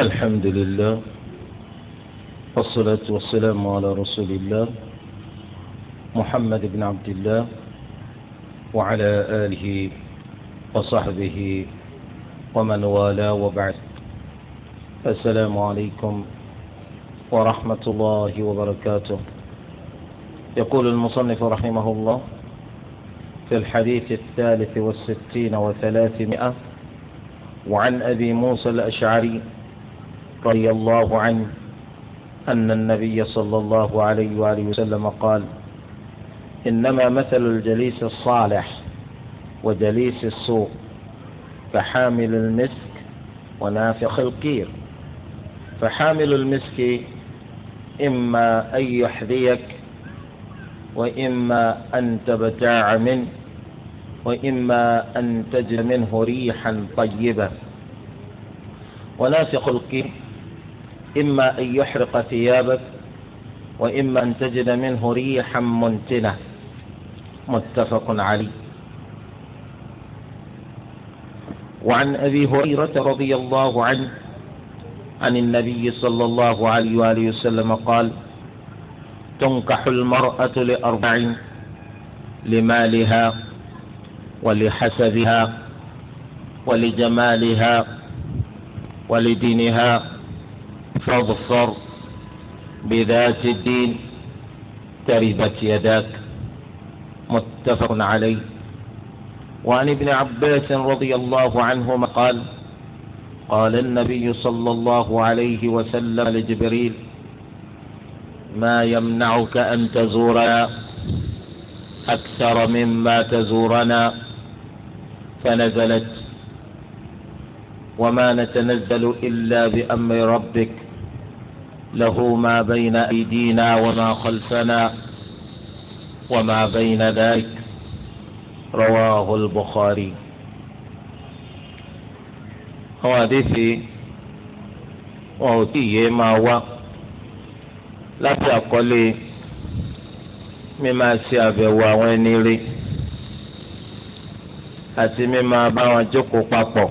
الحمد لله والصلاة والسلام على رسول الله محمد بن عبد الله وعلى آله وصحبه ومن والاه وبعد السلام عليكم ورحمة الله وبركاته يقول المصنف رحمه الله في الحديث الثالث والستين وثلاثمائة وعن أبي موسى الأشعري رضي الله عنه أن النبي صلى الله عليه وآله وسلم قال إنما مثل الجليس الصالح وجليس السوء فحامل المسك ونافخ القير فحامل المسك إما أن يحذيك وإما أن تبتاع منه وإما أن تجد منه ريحا طيبة ونافخ القير إما أن يحرق ثيابك وإما أن تجد منه ريحا منتنة متفق عليه وعن أبي هريرة رضي الله عنه عن النبي صلى الله عليه وآله وسلم قال تنكح المرأة لأربع لمالها ولحسبها ولجمالها ولدينها فاظفر بذات الدين تربت يداك متفق عليه وعن ابن عباس رضي الله عنهما قال قال النبي صلى الله عليه وسلم لجبريل ما يمنعك أن تزورنا أكثر مما تزورنا فنزلت وما نتنزل إلا بأمر ربك له ما بين أيدينا وما خلفنا وما بين ذلك رواه البخاري àwọn àdéhìí wọn ò tí ì yé máa wá láti àkọlé mímá ṣe àbẹ̀wò àwọn ẹni rí àti mímá bá wọn jókòó papọ̀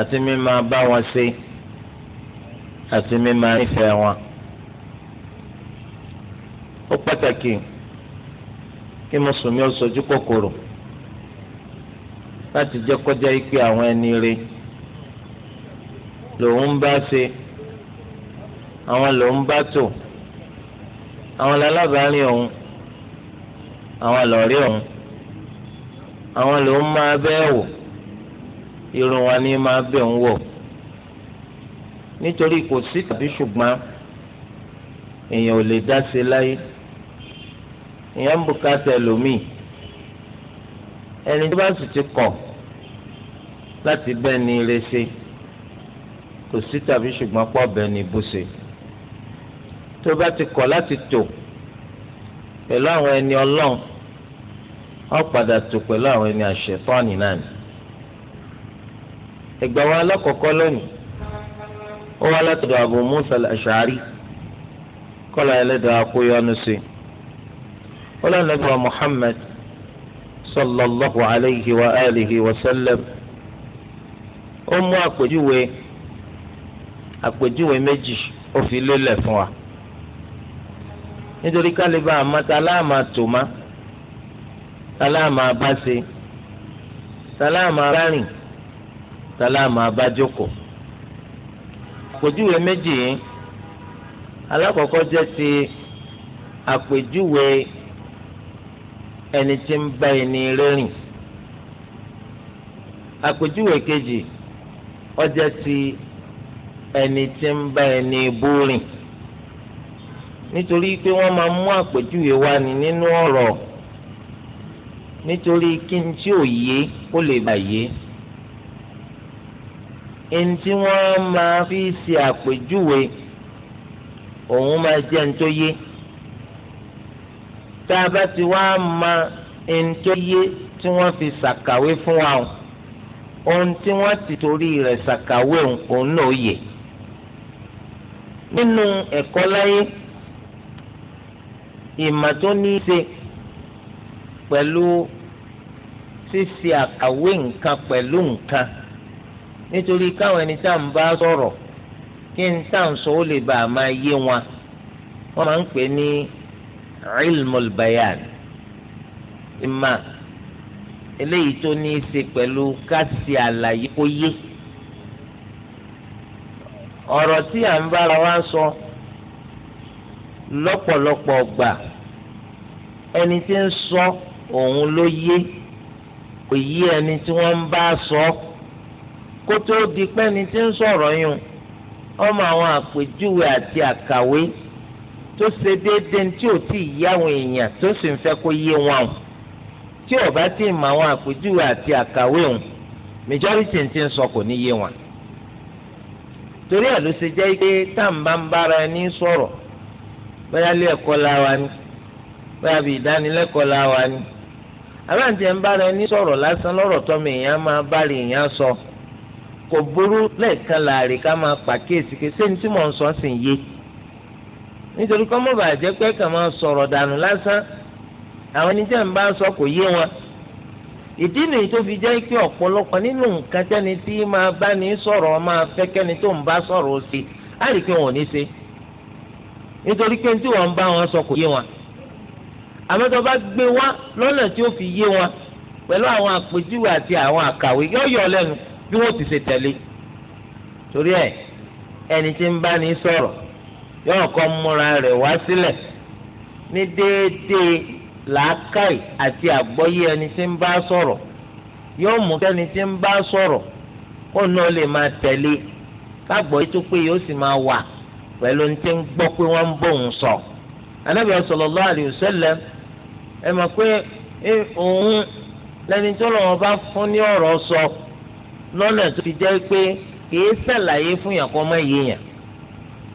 àti mímá bá wọn ṣe àti mímá nífẹ̀ẹ́ wọn. ó pàtàkì kí mùsùlùmí ó sojú kòkòrò láti jẹ́ kọjá ikpe àwọn ẹni rè lòun bá ṣe àwọn lòun bá tò àwọn lálábàárín òun àwọn lọ́rí òun àwọn lòun máa bẹ́ẹ̀ wò irun wa ni máa bẹ̀ ń wò nítorí kò sí tàbí ṣùgbọ́n èèyàn ò lè dá ṣe láyé èèyàn ń bùkátà ẹlòmíì ẹni tó bá sì ti kọ̀ láti bẹ́ẹ̀ ni ire ṣe kò sí tàbí ṣùgbọ́n pọ̀ bẹ́ẹ̀ ni bó ṣe tó bá ti kọ̀ láti tò pẹ̀lú àwọn ẹni ọlọ́run ó padà tò pẹ̀lú àwọn ẹni àṣẹ fọ́ọ̀nì náà ni ẹgbàá wa alákọ̀ọ́kọ́ lónìí ó wá látọ̀dọ̀ Abu Musa al-Ash'ari kọ́lá ẹlẹ́dàá akóyọ́nu sí i ó lọ́nà bí wa Muhammad sallallahu alayhi wa alihi wa sallam ó mú àpèjúwe àpèjúwe méjì ó fi lélẹ̀ fún wa nítorí kálíbà àmọ́ta aláàmà tòmá aláàmà abáṣe taláàmà abárìn taláàmà abájókòó àpèjúwe méjì yìí alákọ̀ọ́kọ́ jẹ́ ti àpèjúwe ẹni tí ń bá ẹni rẹ́rìn àpèjúwe kejì ó jẹ́ ti ẹni tí ń bá ẹni búrìn nítorí pé wọ́n máa mú àpèjúwe wá ní nínú ọ̀rọ̀ nítorí kí n tí ò yé kó lè bà ẹni tí wọ́n máa fi ṣe àpèjúwe òun máa jẹ́ ẹni tó yé tá a bá ti wá ma ẹni tó yé tí wọ́n fi ṣàkàwé fún wa o ohun tí wọ́n ti torí rẹ̀ ṣàkàwé òun náà yé nínú ẹ̀kọ́ láyé ìmọ̀ tó ní í ṣe pẹ̀lú ṣíṣe àkàwé nǹkan pẹ̀lú nǹkan nítorí káwọn ẹni tá à ń bá sọ̀rọ̀ kí n tá à ń sọ ó lè bàa máa yé wọn wọ́n máa ń pè ní ilmul bayan ìmà eléyìí tó ní í ṣe pẹ̀lú káàsì àlàyé kó yé ọ̀rọ̀ tí à ń bára wa sọ lọ́pọ̀lọpọ̀ gbà ẹni tí ń sọ òun ló yé kò yé ẹni tí wọ́n ń bá sọ ọ́. kó di pẹ́ni tí ń sọ̀rọ̀ yún ọmọ àwọn àpèjúwe àti àkàwé tó ṣe déédéé tí ò tí ì yá àwọn èèyàn tó sì ń fẹ́ kó yé wọn tí ò bá tí ì mọ àwọn àpèjúwe àti àkàwé majority ti ń sọ kò ní yé wọn. torí ẹ̀ ló ṣe jẹ́ pé táǹbà ń bára ẹni sọ̀rọ̀ ni bóyá bí ìdánilẹ́kọ̀ọ́ la ni ń bára ẹni sọ̀rọ̀ So kò burú lẹ́ẹ̀kan láàrin ká máa pàkíyèsí pé sẹ́ni tí mò ń sọ sì yé nítorí kọ́ mọ̀ bàjẹ́ pé kàn máa sọ̀rọ̀ dànù lásán àwọn ẹni tẹ́ ń bá sọ kò yé wọn ìdí nìyí tó fi jẹ́ pé ọ̀pọ̀lọpọ̀ nínú nǹkan tẹ́ni tí máa bá ní sọ̀rọ̀ máa fẹ́ kẹ́ni tó ń bá sọ̀rọ̀ ó ṣe wọn ò ní ṣe nítorí pé tí wọ́n ń bá wọn sọ kò yé wọn àmọ́ bá gbé wá lọ́nà tí ó fi yé wọn pẹ̀lú àwọn àpèjúwe àti àwọn àkàwé yọ̀ọ̀yọ̀ lẹ́nu bí wọ́n ti ṣe tẹ̀lé torí ẹ̀ ẹni tí ń bá ní sọ̀rọ̀ yóò kọ́ múra rẹ̀ wá sílẹ̀ ní déédéé làákàì àti àgbọ́yé ẹni tí ń bá sọ̀rọ̀ yóò mú kẹ́ni tí ń bá ma kó náà lè máa tẹ̀lé kágbọ́ yìí tó pé yóò sì máa wà pẹ̀lú ní tí ń gbọ́ pé wọ́n sọ. mọ̀ pé òun lẹni tó lọ́wọ́ bá sọ. So lọ́nà tó fi jẹ́ pé kìí ṣàlàyé fún yàn kọ́ mọ́ yéèyàn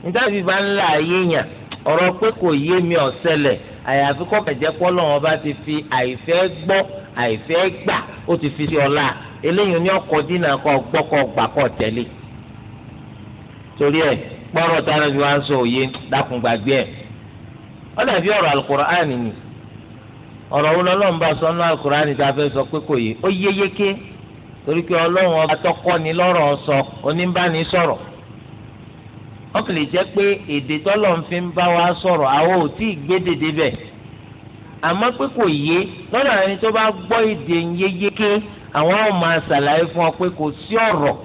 nítorí bá ń là yéèyàn ọ̀rọ̀ pé kò yé mi sẹlẹ̀ àyàfi kọ́ kẹ̀jẹ́ pọ́ lọ́wọ́ ti fi àìfẹ́ gbọ́ àìfẹ́ gbà ó ti fi sí ọla eléyìí ni ọkọ̀ dínà kọ́ gbọ́ kọ́ gbà kọ́ tẹ́lẹ̀ a fẹ́ sọ pé kò yé ó torí pé ọlọ́run ọba tọkọ ni lọ́rọ̀ sọ oníbàní sọ̀rọ̀ wọ́n fi lè jẹ́ pé èdè tọ́lọ̀ ń fi ń bá wa sọ̀rọ̀ àwọn ò tí ì gbé dèdè bẹ̀ àmọ́ pé kò yé lọ́dọ̀ ẹni tó bá gbọ́ èdè ń yé yéké àwọn ò máa ṣàlàyé fún ọ pé kò sí ọ̀rọ̀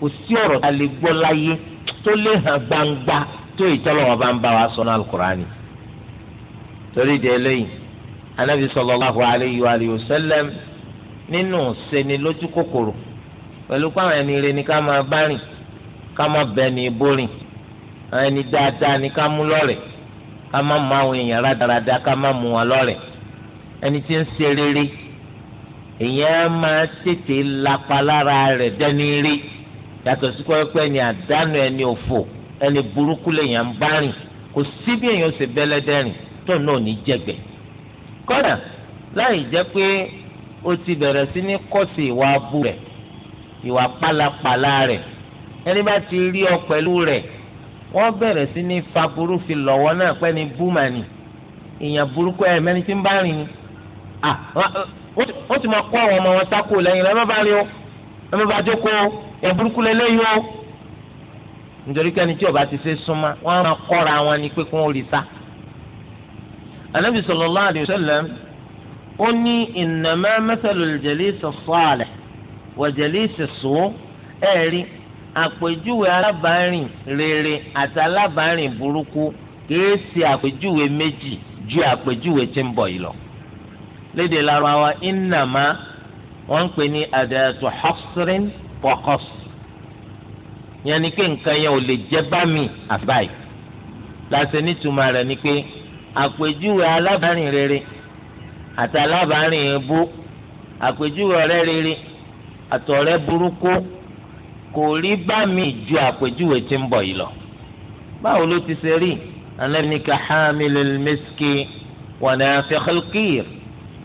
kò sí ọ̀rọ̀ tá a lè gbọ́ láyé tó lè hàn gbangba tó ìtọ́lọ̀ wọn bá ń bá wa sọ ní alukurani torí de eléyìí anabi alayhi wa nínú sẹni lójú kòkòrò pẹ̀lú pé àwọn ẹni rẹ ni ká máa bá rìn ká máa bẹ ní àwọn ẹni dáadáa ni ká mú lọ́rẹ̀ ká má mú àwọn èèyàn rádaràda ká má mú wọn lọ́rẹ̀ ẹni tí ń ṣe rere èèyàn máa tètè lapa lára rẹ̀ dẹ́ni rí yàtọ̀ sí pẹ́pẹ́ ni àdánù ẹni òfò ẹni burúkú lèèyàn ń bá rìn kò sí bí èèyàn ṣe bẹ́lẹ́dẹ́rìn tó náà ní jẹ̀gbẹ́ kọ́dà láì jẹ́ pé ó ti bẹ̀rẹ̀ sí ní kọ́sì ìwà abú rẹ̀ ìwà pálapàla rẹ̀ ẹni bá ti rí ọ pẹ̀lú rẹ̀ wọ́n bẹ̀rẹ̀ sí ní faburú fi lọ́wọ́ náà pẹ́ ní búmanì ìyàn burúkú ẹ̀ mẹ́ni tí ń bá rìn ni wọ́n ti máa kọ́ àwọn ọmọ wọn sáko lẹ́yìn rẹ̀ bá rí o ẹ bá jókòó ẹ̀ burúkú lẹ́lẹ́yìn o nítorí pé ẹni tí ọba ti ṣe súnmọ́ wọ́n máa kọ́ra wọn ni pé kí wọ́n rí sá. Ànábì sallallahu ó ní ìnàmá mẹ́sàlù jẹ̀lísì sọ́ọ̀lẹ̀ wọ jẹ̀lísì àpèjúwe alábàárìn rere àti alábàárìn burúkú kìí ṣe àpèjúwe méjì ju àpèjúwe tí ń bọ̀ yìí lọ. lédè Lárúbáwá ìnàmá ń pè ní pọkọs yẹn ni pé nǹkan yẹn ò lè jẹ́ bá mi àbáyé láti nítumọ̀ rẹ̀ ni pé àpèjúwe alábàárìn rere. àti alábàárìn ebó àpèjúwe ọ̀rẹ́ rere àtọ̀rẹ́ burúkú kò rí bá mi ju àpèjúwe tí ń bọ̀ yìí lọ. báwo ló ti ṣe rí Ànábì ní ka hamilul miski wa nafikhul qir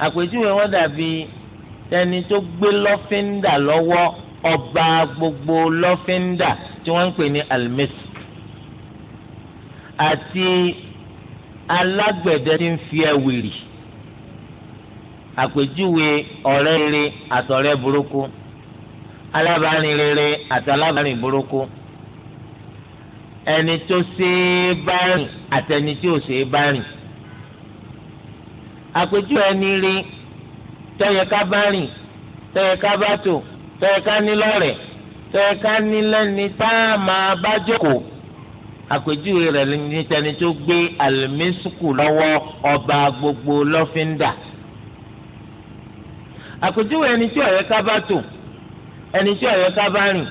àpèjúwe wọn dàbí ẹni tó gbé lọ́fíńdà lọ́wọ́ ọba gbogbo lọ́fíńdà tí wọ́n ń pè ní almisk àti alágbẹ̀dẹ tí ń fi ẹ̀wìrì. E àpèjúwe ọ̀rẹ́ rere àtọ̀rẹ́ burúkú alábàárìn rere àti alábàárìn burúkú ẹni tó ṣe é bá rìn àti ẹni tí ò ṣe é bá rìn àpèjúwe ẹni rí tọ́yẹ ká bá rìn ká bá tò tọ́yẹ ká ní lọ́rẹ̀ẹ́ tọ́yẹ ká ní lẹ́ni tá a máa bá jókòó àpèjúwe rẹ̀ ní tẹni tó gbé àlùmísùkù lọ́wọ́ ọba gbogbo lọ́fíńdà àpèjúwe ẹni tí ọ̀yẹ́ ká bá tò ẹni tí ọ̀yẹ́ ká bá rìn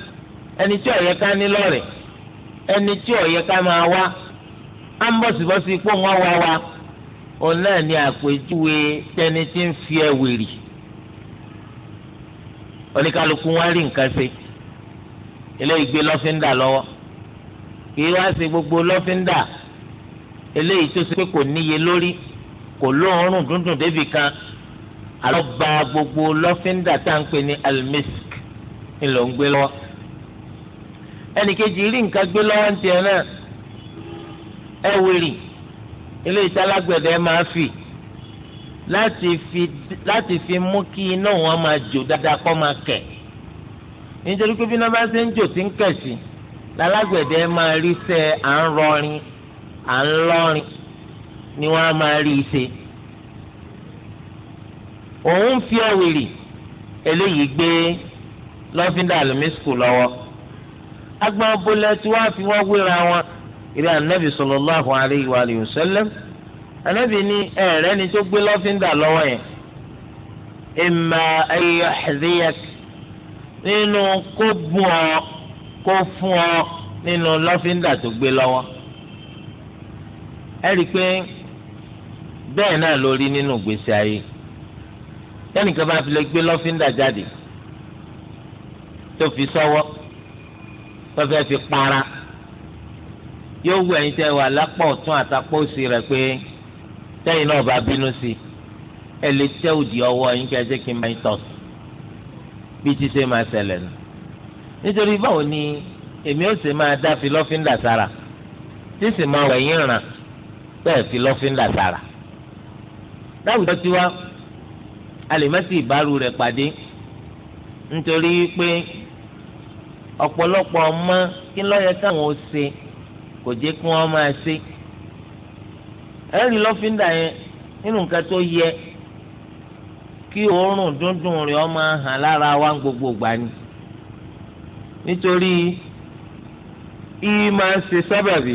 ẹni tí ọ̀yẹ́ ká ní lọ́rẹ̀ ẹni tí ọ̀yẹ́ ká máa wá á ń bọ̀sibọ́sí pé wọ́n wá wa òun náà ni àpèjúwe tẹni tí ń fi ẹ̀wèrì oníkálukú wọn rí nǹkan ṣe eléyìí gbé lọ́fíńdà lọ́wọ́ kì í wá ṣe gbogbo lọ́fíńdà eléyìí tó ṣe pé kò níye lórí kò lóòórùn dúndùn débì alọ́ ba gbogbo lọ́fíńdà tá à ń pè ní almisk ńlọ ń gbé lọ́wọ́ ẹnìkejì rí nǹkan gbé lọ́wọ́ ń tiẹ̀ náà ẹ wèrè ilé ìtalágbẹ̀dẹ máa fì láti fi láti mú kí iná wọn máa jò dáadáa kó máa kẹ̀ nítorí pé bí iná bá ṣe ń jò tí ń kẹ̀ sí lálágbẹ̀dẹ máa rí sẹ́ à ń rọrin à ń lọ́rin ni wọ́n á máa rí i ṣe òun fi ọ̀wìrì eléyìí gbé lọ́fíńdà àlùmísùkù lọ́wọ́ agbọn tí fi wọ́n wéra wọn ìrẹ́ ànábì sallallahu alayhi wa alihi wa sallam ní ni tó gbé lọ́fíńdà lọ́wọ́ yẹn imma an yuhziyak nínú kó bùn ọ kó fún ọ nínú lọ́fíńdà tó gbé lọ́wọ́ pé bẹ́ẹ̀ náà tẹ́nìkan bá fi lè gbé lọ́fíńdà jáde tó fi sọ́wọ́ tó fẹ́ fi para yóò wù ẹ̀yin tẹ́ wà lápá ọ̀tún àtàpọ̀ òsì rẹ̀ pé tẹ́yìn náà bá bínú sí ẹ lè tẹ́ òdì ọwọ́ ẹ̀yin kí ẹ jẹ́ kí n máa tọ̀ bí ti ṣe máa ṣẹlẹ̀ nù. nítorí báwo ni èmi ó sì máa dá fi lọ́fíńdà sára tí sì máa wẹ̀yìn ràn bẹ́ẹ̀ fi lọ́fíńdà sára. láwùjọ tiwa. Alimasi ìbárù rẹ̀ pàdé nítorí pé ọ̀pọ̀lọpọ̀ ọmọ kí lọ́yẹ káwọn ó ṣe kò jẹ́ kí wọ́n máa ṣe ẹ̀rí lọ́fíńdà yẹn nínú nǹkan tó yẹ kí òórùn dúndùn rẹ̀ ó máa hàn lára wa gbogbo ìgbà ni nítorí ìyí máa ṣe sábàbí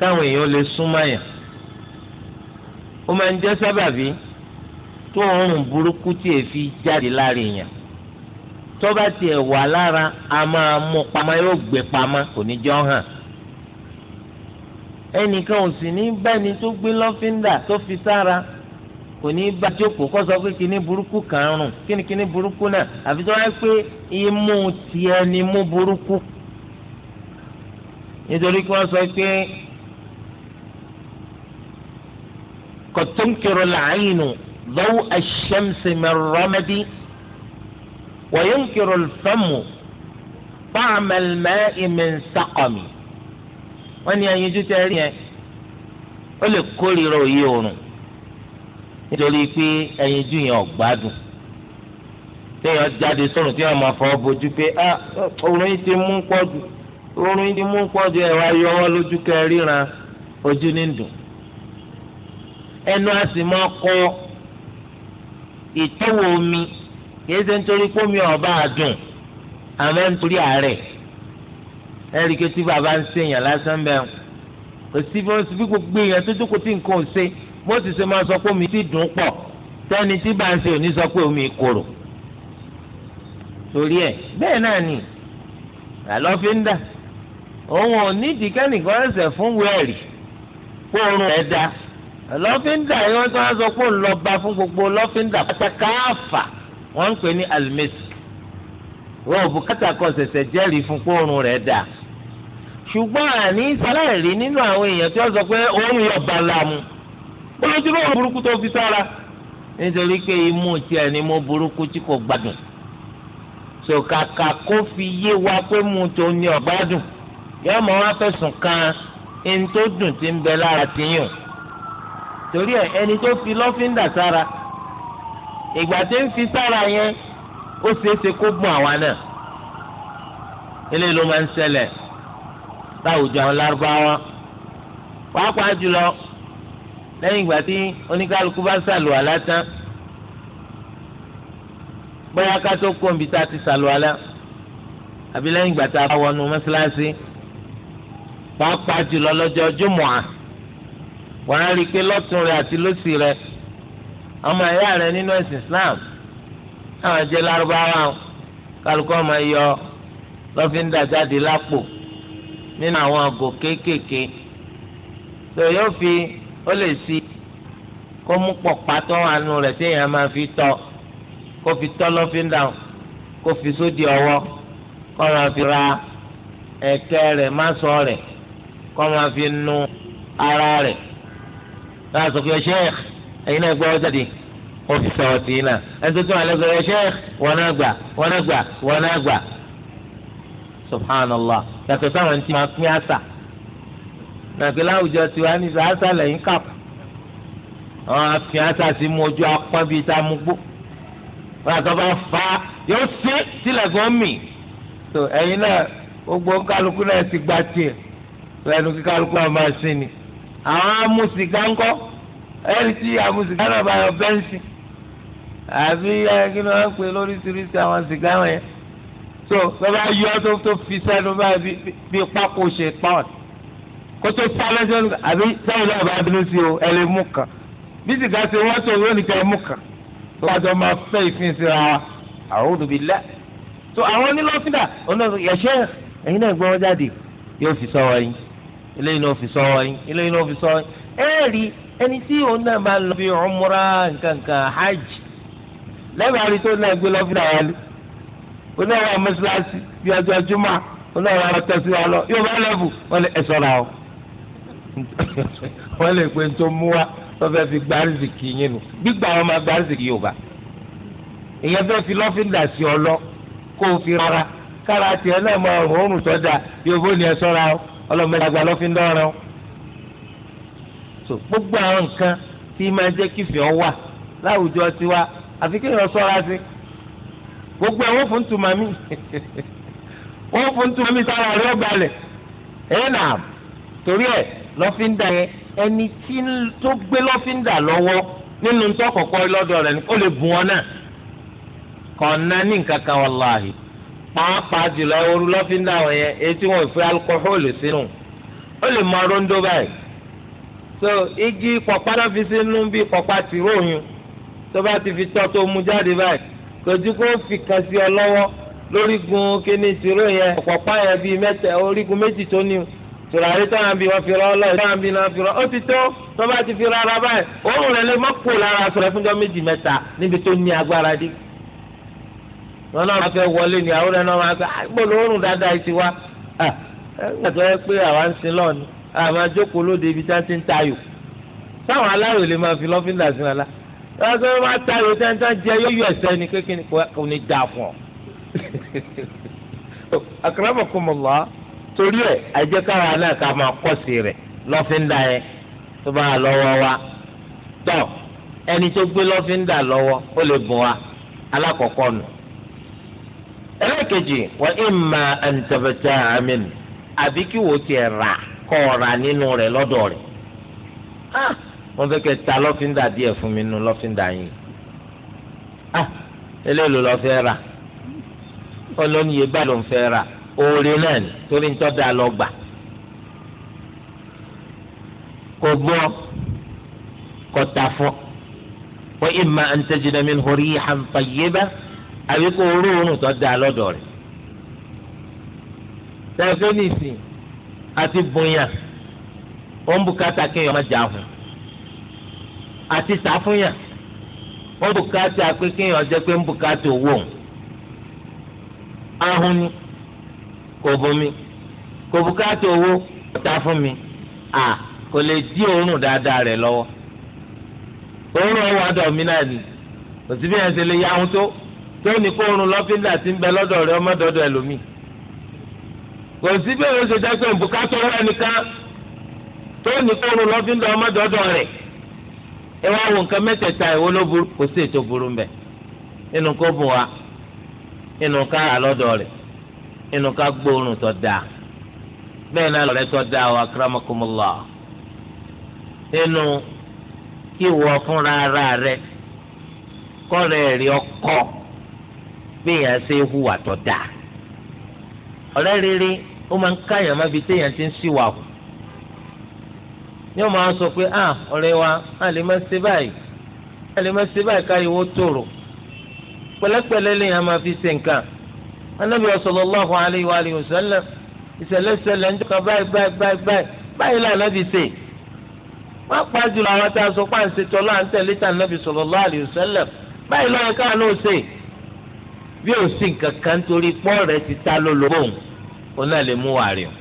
káwọn èèyàn lè súnmọ́ yàn ó máa ń jẹ́ sábàbí. tó òórùn burúkú tí èéfi jáde lára èèyàn tó bá tiẹ̀ wà lára a máa mú pamọ́ yóò gbé pamọ́ kò ní jọ hàn ẹnìkan ò sì ní bẹ́ni tó gbé lọ́fíńdà tó fi sára kò ní bá jókòó sọ pé kíní burúkú kan rùn kíní kíní burúkú náà àfi pé imú tiẹ̀ ni mú ضوء الشمس من رمدي وينكر الفم طعم الماء من سقمي wọ́n ní ẹyinjú tẹ rí yẹn ó lè kórìíra òye oòrùn nítorí pé ẹyinjú yẹn ọ̀gbádùn téèyàn jáde sọ̀rọ̀ tí wọ́n máa fọ bójú pé ah, oòrùn yìí ti mú pọ̀ jù yìí ti mú pọ̀ ẹ̀rọ ayọ̀ wọn lójú kẹríran ojú ní dùn ẹnu á máa kọ́ ọ ìtọ́wò omi kìí ṣe nítorí kómi ọba àdùn àmọ́ nítorí àárẹ̀ ẹ̀ríkì tí bàbá ń ṣèyàn lásán bẹ́ẹ̀ kò sí bí wọ́n ti fi gbogbo èèyàn tó jókòó tí nǹkan ò ṣe bó ti ṣe máa sọ pé omi ti dùn pọ̀ tẹ́ni tí bá ń ṣe òní sọ pé omi korò torí ẹ̀ bẹ́ẹ̀ náà ni àlọ́ fi ń dà òun ò ní ìdíkẹ́ nìkan ẹ̀sẹ̀ fún wẹ́ẹ̀rì kó oorun ẹ̀ dáa lọ́fíńdà yìí wọ́n ti wá sọ pé òun lọ bá fún gbogbo lọ́fíńdà pátákáàfà wọ́n ń pè ní alimẹ́sì wọ́n ò bùkátà kan ṣẹ̀ṣẹ̀ jẹ́rìí fún pé òórùn rẹ̀ dà ṣùgbọ́n àní sáláìrí nínú àwọn èèyàn tí wọ́n sọ pé òórùn yóò bá la mu olójú lóòrùn burúkú tó fi sára nítorí pé imú tiẹ̀ ni mo burúkú tí kò gbádùn sòkàkà kó fi yé wa pé mu tó ní ọ̀gbádùn yọ́ọ́ torí ẹ ẹni tó fi lọ́fíńdà sára ìgbà tí ń fi sára yẹn ó ṣeé ṣe kó gbọ́n àwa náà eléyìí ló máa ń ṣẹlẹ̀ láwùjọ àwọn lárúbáwá pàápàá jùlọ lẹ́yìn ìgbà tí oníkálukú bá ṣàlùwàlá tán bóyá ká tó kóńbi tá a ti ṣàlùwàlá àbí lẹ́yìn ìgbà tá a bá wọnú mọ́ṣáláṣí pàápàá jùlọ lọ́jọ́ jùmọ̀ọ́ wàá rí i pé lọ́tún rẹ àti lọ́sì rẹ ọmọ ẹ̀yà rẹ nínú ẹ̀sìn Islam àwọn jẹ́ lárúbáwá kálukọ́ ọmọ yọ lọ́fíńdà jáde lápò nínú àwọn àgò kéékèèké tó yóò fi ó lè si kó mú pọ̀ pátọ́ àánú rẹ̀ téèyàn máa fi tọ́ kó fi tọ́ lọ́fíńdà kó fi sódì ọwọ́ kó máa fi ra ẹ̀kẹ́ rẹ̀ má rẹ̀ kó máa fi nu ara rẹ̀ náà sọ pé ẹ ṣẹ́ẹ̀k ẹ̀yin náà gbọ́ jáde ọ́fíìsì àwọn tì í náà ẹni tó tún alẹ́ sọ ẹ ṣẹ́ẹ̀k wọn náà gbà wọn náà gbà wọn náà gbà subhanallah yàtọ̀ sáwọn ẹni tí máa pín àṣà nàgbé láwùjọ tiwa ní sọ àṣà lẹ́yìn kàpù àwọn àfihàn àṣà sí mú ojú apá bíi tá a mú gbó wọn àtọ́ bá fa yóò sí sílẹ̀ gan mì ẹ̀yin náà gbogbo kálukú náà ti gbá tiẹ̀ lẹ́nu kí kálukú náà máa sin ni àwọn amúsìgá ńkọ́ ẹni tí amúsìgá náà bá yọ bẹ́ǹsì àbí kí ni wọ́n pè lóríṣiríṣi àwọn sìgá wọn yẹn so bàbá yọ tó tó fi sẹ́nu báyìí bí pákó ṣe pọ́n kó tó sá lọ́jọ́ àbí sẹ́yìn náà bá bínú sí o ẹ lè mú kàn bí sìgá ṣe wọ́n tó lónìí kẹ́ ẹ mú kàn tó wájú ọmọ fẹ́ ìfín síra wa a'udhu billah so àwọn onílọ́fíńdà ọ̀nà yẹ̀ṣẹ́ ẹ̀yin náà gbọ́ wọn jáde yóò fi sọ wọ́n yín eléyìí náà fi sọ yín eléyìí náà fi sọ yín ẹ rí ẹni tí òun náà máa lọ bí ọmọra nkankan hajj lẹ́bàá rí tó náà gbé lọ́fíà wọn ni òun náà wà mọ́ṣáláṣí bí ọjọ́ jùmọ̀ òun náà wà tẹ̀sí wa lọ yóò bá lẹ́bù wọ́n lè ẹ̀sọ́ ra o wọ́n lè pe tó mú wa wọ́n fẹ́ fi gbárísìkì yín nu gbígbà wọn máa gbárísìkì yóò bá ìyẹn fẹ́ fi lọ́fíńdà sí ọ lọ kó o fi rárá kára tiẹ̀ náà máa rùn òórùn yóò bó ni ẹ̀sọ́ ra o. ọlọ́mọdé àgbà ló fi dọ́rọ̀ ọ́ so gbogbo àwọn nǹkan tí máa jẹ́ kí fìọ́ wà láwùjọ tiwa àfi kéèyàn sọ́ra sí gbogbo ẹ̀ fún tùmọ̀ mi wọ́n fún tùmọ̀ mi sára rẹ̀ torí ẹ̀ lọ́fíńdà yẹn ẹni tí tó gbé lọ́wọ́ nínú ọ náà kọ̀ọ̀nà ní pàápàá jùlọ ooru lọ́fíńdà wọn yẹn etí wọn fi alukóhólì sínú ó lè mọ rondo báyìí so igi pọ̀pá náà fi sínú bí pọ̀pá ti róyún tó bá ti fi tọ́ tó mu jáde báyìí kojú kó fi kan sí ọ lọ́wọ́ lórígun kíní tìró yẹn pọ̀pá yẹn bíi mẹ́tẹ̀ orígun méjì tó ní tùràrí táwọn bí wọn fi rọ ọlọ́ọ̀ táwọn bí wọn fi rọ ó ti tó tó bá ti fi rọ ara báyìí òórùn rẹ lè mọ́ kó lára aṣọ fúnjọ́ méjì mẹ́ta níbi tó ní agbára dé wọn náà máa fẹ́ wọlé ni àwọn náà máa fẹ́ ah, gbọ́dọ̀ oorun dáadáa yìí ti wá ah, nígbà tó yẹ pé àwa ń sin lọ́ọ̀ni àmọ́ àjókòó lóde ibi tí wọ́n ti ń tayò táwọn aláwọ̀ lè máa fi lọ́fíńdà sí wọn la wọ́n sọ wọ́n máa tayò tí wọ́n jẹ yóyú ẹ̀sẹ̀ ni kékeré kò ní dáa fún ọ. akramakumullah torí ẹ̀ àjẹkára náà ká máa kọ́ sí rẹ̀ lọ́fíńdà yẹn tó bá lọ́wọ́ wa tọ́ ẹni tó gbé lọ́fíńdà lọ́wọ́ ó lè bùn wa alákọ̀ọ́kọ́ nù ẹlẹ́kejì wọ́n ìmà ẹ̀ǹtẹ̀fẹ̀tẹ̀ àmìn àbí kí wò ó tiẹ̀ rà kọ́ ọ̀rà nínú rẹ̀ lọ́dọ̀ rẹ̀ wọ́n fẹ́ kẹ́ ta lọ́fíńdà díẹ̀ fún mi nù lọ́fíńdà yìí eléèlò lọ fẹ́ rà ọlọ́niyè bá ló ń fẹ́ rà oore náà ni torí nítorí da lọ gbà kò gbọ́ kò ta fún wọ́n ìmà ẹ̀ǹtẹ̀jìdàmìn hórí hàn fàyè bẹ́ẹ̀ àbí kó oró oorun tó da lọ́dọ̀ rẹ̀ tẹ̀sán nìsín àti bùnyà ó ń bùkátà kéèyàn má jà hùn àti sàfúnyà ó ń bùkátà pé kéèyàn jẹ́ pé ń bùkátà owó òun ahun ni kò bomi kò bùkátà owó ọ̀tá fún mi à kò lè dí òórùn dáadáa rẹ̀ lọ́wọ́ òórùn ọwọ́ àdọ̀ mi náà ni kò lè yá ahun tó. tó ní kó oorun lọ́fíńdà ti ń bẹ lọ́dọ̀ rẹ ọmọdọ́dọ̀ ẹlòmíì kò sí bí òun ṣe jẹ́ bùkátà ọwọ́ ẹnìkan tó kó oorun lọ́fíńdà ọmọdọ́dọ̀ rẹ ẹ wá wo nǹkan mẹ́tẹ̀ẹ̀ta ìwọ ló burú kò sí ètò burú mbẹ kó ká rẹ ká gbóòórùn tó dáa bẹ́ẹ̀ náà lọ́rẹ́ tó dáa kí fúnra ara rẹ béèyàn ṣe hùwà tó dáa ọ̀rẹ́ rere ó máa ń káyàn má bi téèyàn ti ń ṣìwà hù yóò máa sọ pé ah ọ̀rẹ́ wa a lè má ṣe báyìí a lè má ṣe báyìí káyìwó tòrò pẹ̀lẹ́pẹ̀lẹ́ lèèyàn máa fi ṣe nǹkan anábì sallallahu alayhi wa alihi wa sallam ìṣẹ̀lẹ̀ ṣẹlẹ̀ ń jọka báyìí báyìí báyìí báyìí báyìí lànà bí ṣe wọ́n pa jùlọ àwọn tá a sọ pé à ń ṣe tọ́lọ́ à ń tẹ̀lé tà nábì sallallahu alayhi wa sallam báyìí lọ́yẹ̀ká náà ṣe bí o sì nǹkan kan torí pọ́ rẹ ti ta lólobó òun ó náà lè mú wàrí o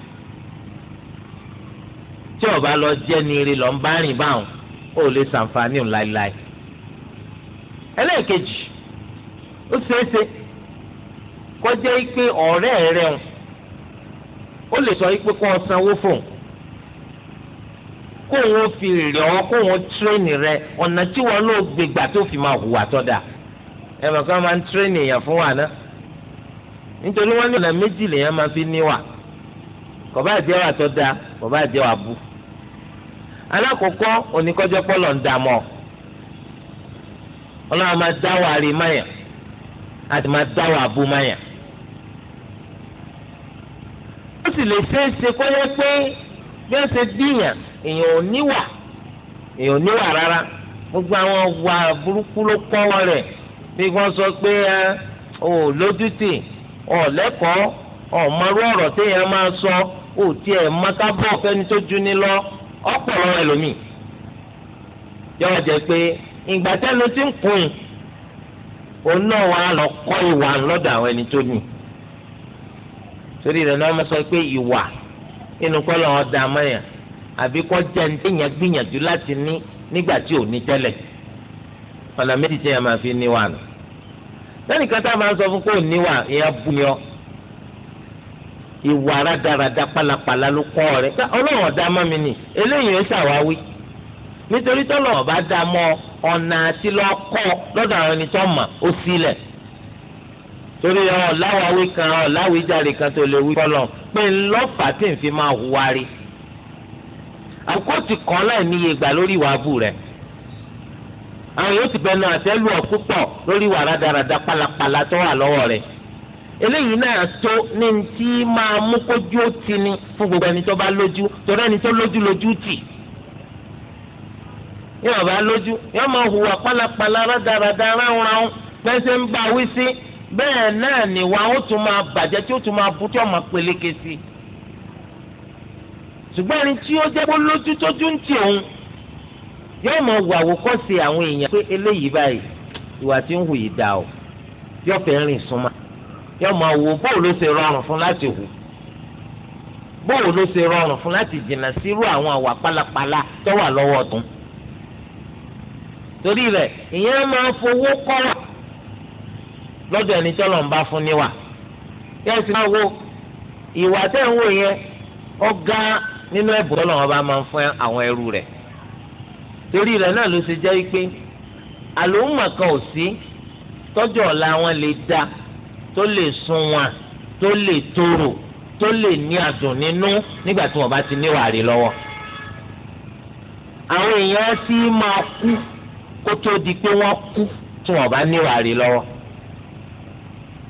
tí ọba lọ jẹ́ ní irin lọ ń bá rìn báwọn ó lè ṣàǹfààní òun láéláé ẹlẹ́ẹ̀kejì ó ṣeéṣe kọjá pé ọ̀rẹ́ rẹ o ó lè sọ pé kó o sanwó fóun kó o fi rẹ̀ ọ́ kó o tírẹ́nì rẹ ọ̀nà tí wọn ló gbégbà tó fi máa hùwà tó dáa ẹ mọ̀ kí wọ́n máa ń tírénì èèyàn fún wa náà nítorí wọ́n ní ọ̀nà méjì lèèyàn máa fi níwà kò bá jẹ́ wà tó dáa kò bá jẹ́ wà bú alákòókò oníkọ́jọ́ pọ́lọ̀ ń dààmú ọlọ́run máa dá wà rí máyà àti máa dá wà bú máyà ó sì lè ṣe é ṣe kó yẹ pé bí ó ṣe díyàn èèyàn ò níwà èèyàn ò níwà rárá gbogbo àwọn wà burúkú ló kọ́ wọ́n rẹ̀ bí wọ́n sọ pé ẹ ò lójútì ọ lẹ́kọ̀ọ́ ọrọ mọrú ya téèyàn máa sọ ò tiẹ̀ mọ́tàbọ̀ fẹ́ni tó ju lọ ẹlòmíì jẹ pé ìgbà tẹ́nu ti ń kun òun náà wà lọ kọ́ ìwà lọ́dọ̀ àwọn ẹni tó ní torí náà sọ pé ìwà àbí láti ní nígbà tí ò ní ọ̀nà méjì fi nù lẹ́nìkan tá a máa ń sọ fún kó níwà ìyá bú ni ọ ìwà rádaràda pálapàla ló kọ́ ọ rẹ pé ọlọ́run ọ̀dá mọ́ mi nì eléyìí ó ṣàwáwí nítorí tọ́lọ̀ ọ̀bá dá mọ́ ọ̀nà àti lọ́kọ́ lọ́dọ̀ àwọn ẹni tó mọ̀ ó sílẹ̀ torí ọ̀làwáwí kan ọ̀làwíjàre kan tó lè wí kọ́lọ̀ pé ńlọ́fà tí ń fi máa hùwárí àkókò ti kàn láì níye gbà lórí ìwà abú rẹ̀ àwọn yóò sì bẹnu àtẹ́ lù ọ́ púpọ̀ lórí wàrà dáradá pálapàla tó wà lọ́wọ́ rẹ̀ eléyìí náà tó ní ti máa mú kójú ti ni fún gbogbo ẹni tó bá lójú torí ẹni tó lójú lójú tì ọba lójú yóò máa hùwà pálapàla rádaràdà ráhùnráhùn pẹ́sẹ́ ń bá wí sí bẹ́ẹ̀ náà nìwà ó tún máa bàjẹ́ tí ó tún máa tí ó máa peléke sí ṣùgbọ́n ẹni tí ó jẹ́ yóò mọ wà àwòkọ́ṣe àwọn èèyàn pé eléyìí báyìí ìwà tí ń hù yìí dà o yóò fẹ́ rìn súnmọ́ yóò mọ wò bóòwò ló ṣe rọrùn fún láti hù bóòwò ló ṣe rọrùn fún láti jìnnà sírú àwọn àwà pálapàla tó wà lọ́wọ́ ọ̀tún torí rẹ̀ ìyẹn máa fowó kọ́wà lọ́dọ̀ ẹni tí Ọlọ́run bá fún níwà yẹn ti máa wo ìwà tẹ̀ ń wò yẹn ọ̀gá nínú ẹ̀bùn Ọlọ́run bá máa fún àwọn ẹrú rẹ̀ torí rẹ̀ náà ló ṣe jẹ́ pé àlòmọ̀ kan ò sí tọ́jú ọ̀la wọn lè da tó lè sunwọ̀n tó lè tòrò tó lè ní àdùn nínú nígbà tí wọ́n bá ti níwàá rí lọ́wọ́ àwọn èèyàn sì máa kú kó tó di pé wọ́n kú tí wọ́n bá níwàá rí lọ́wọ́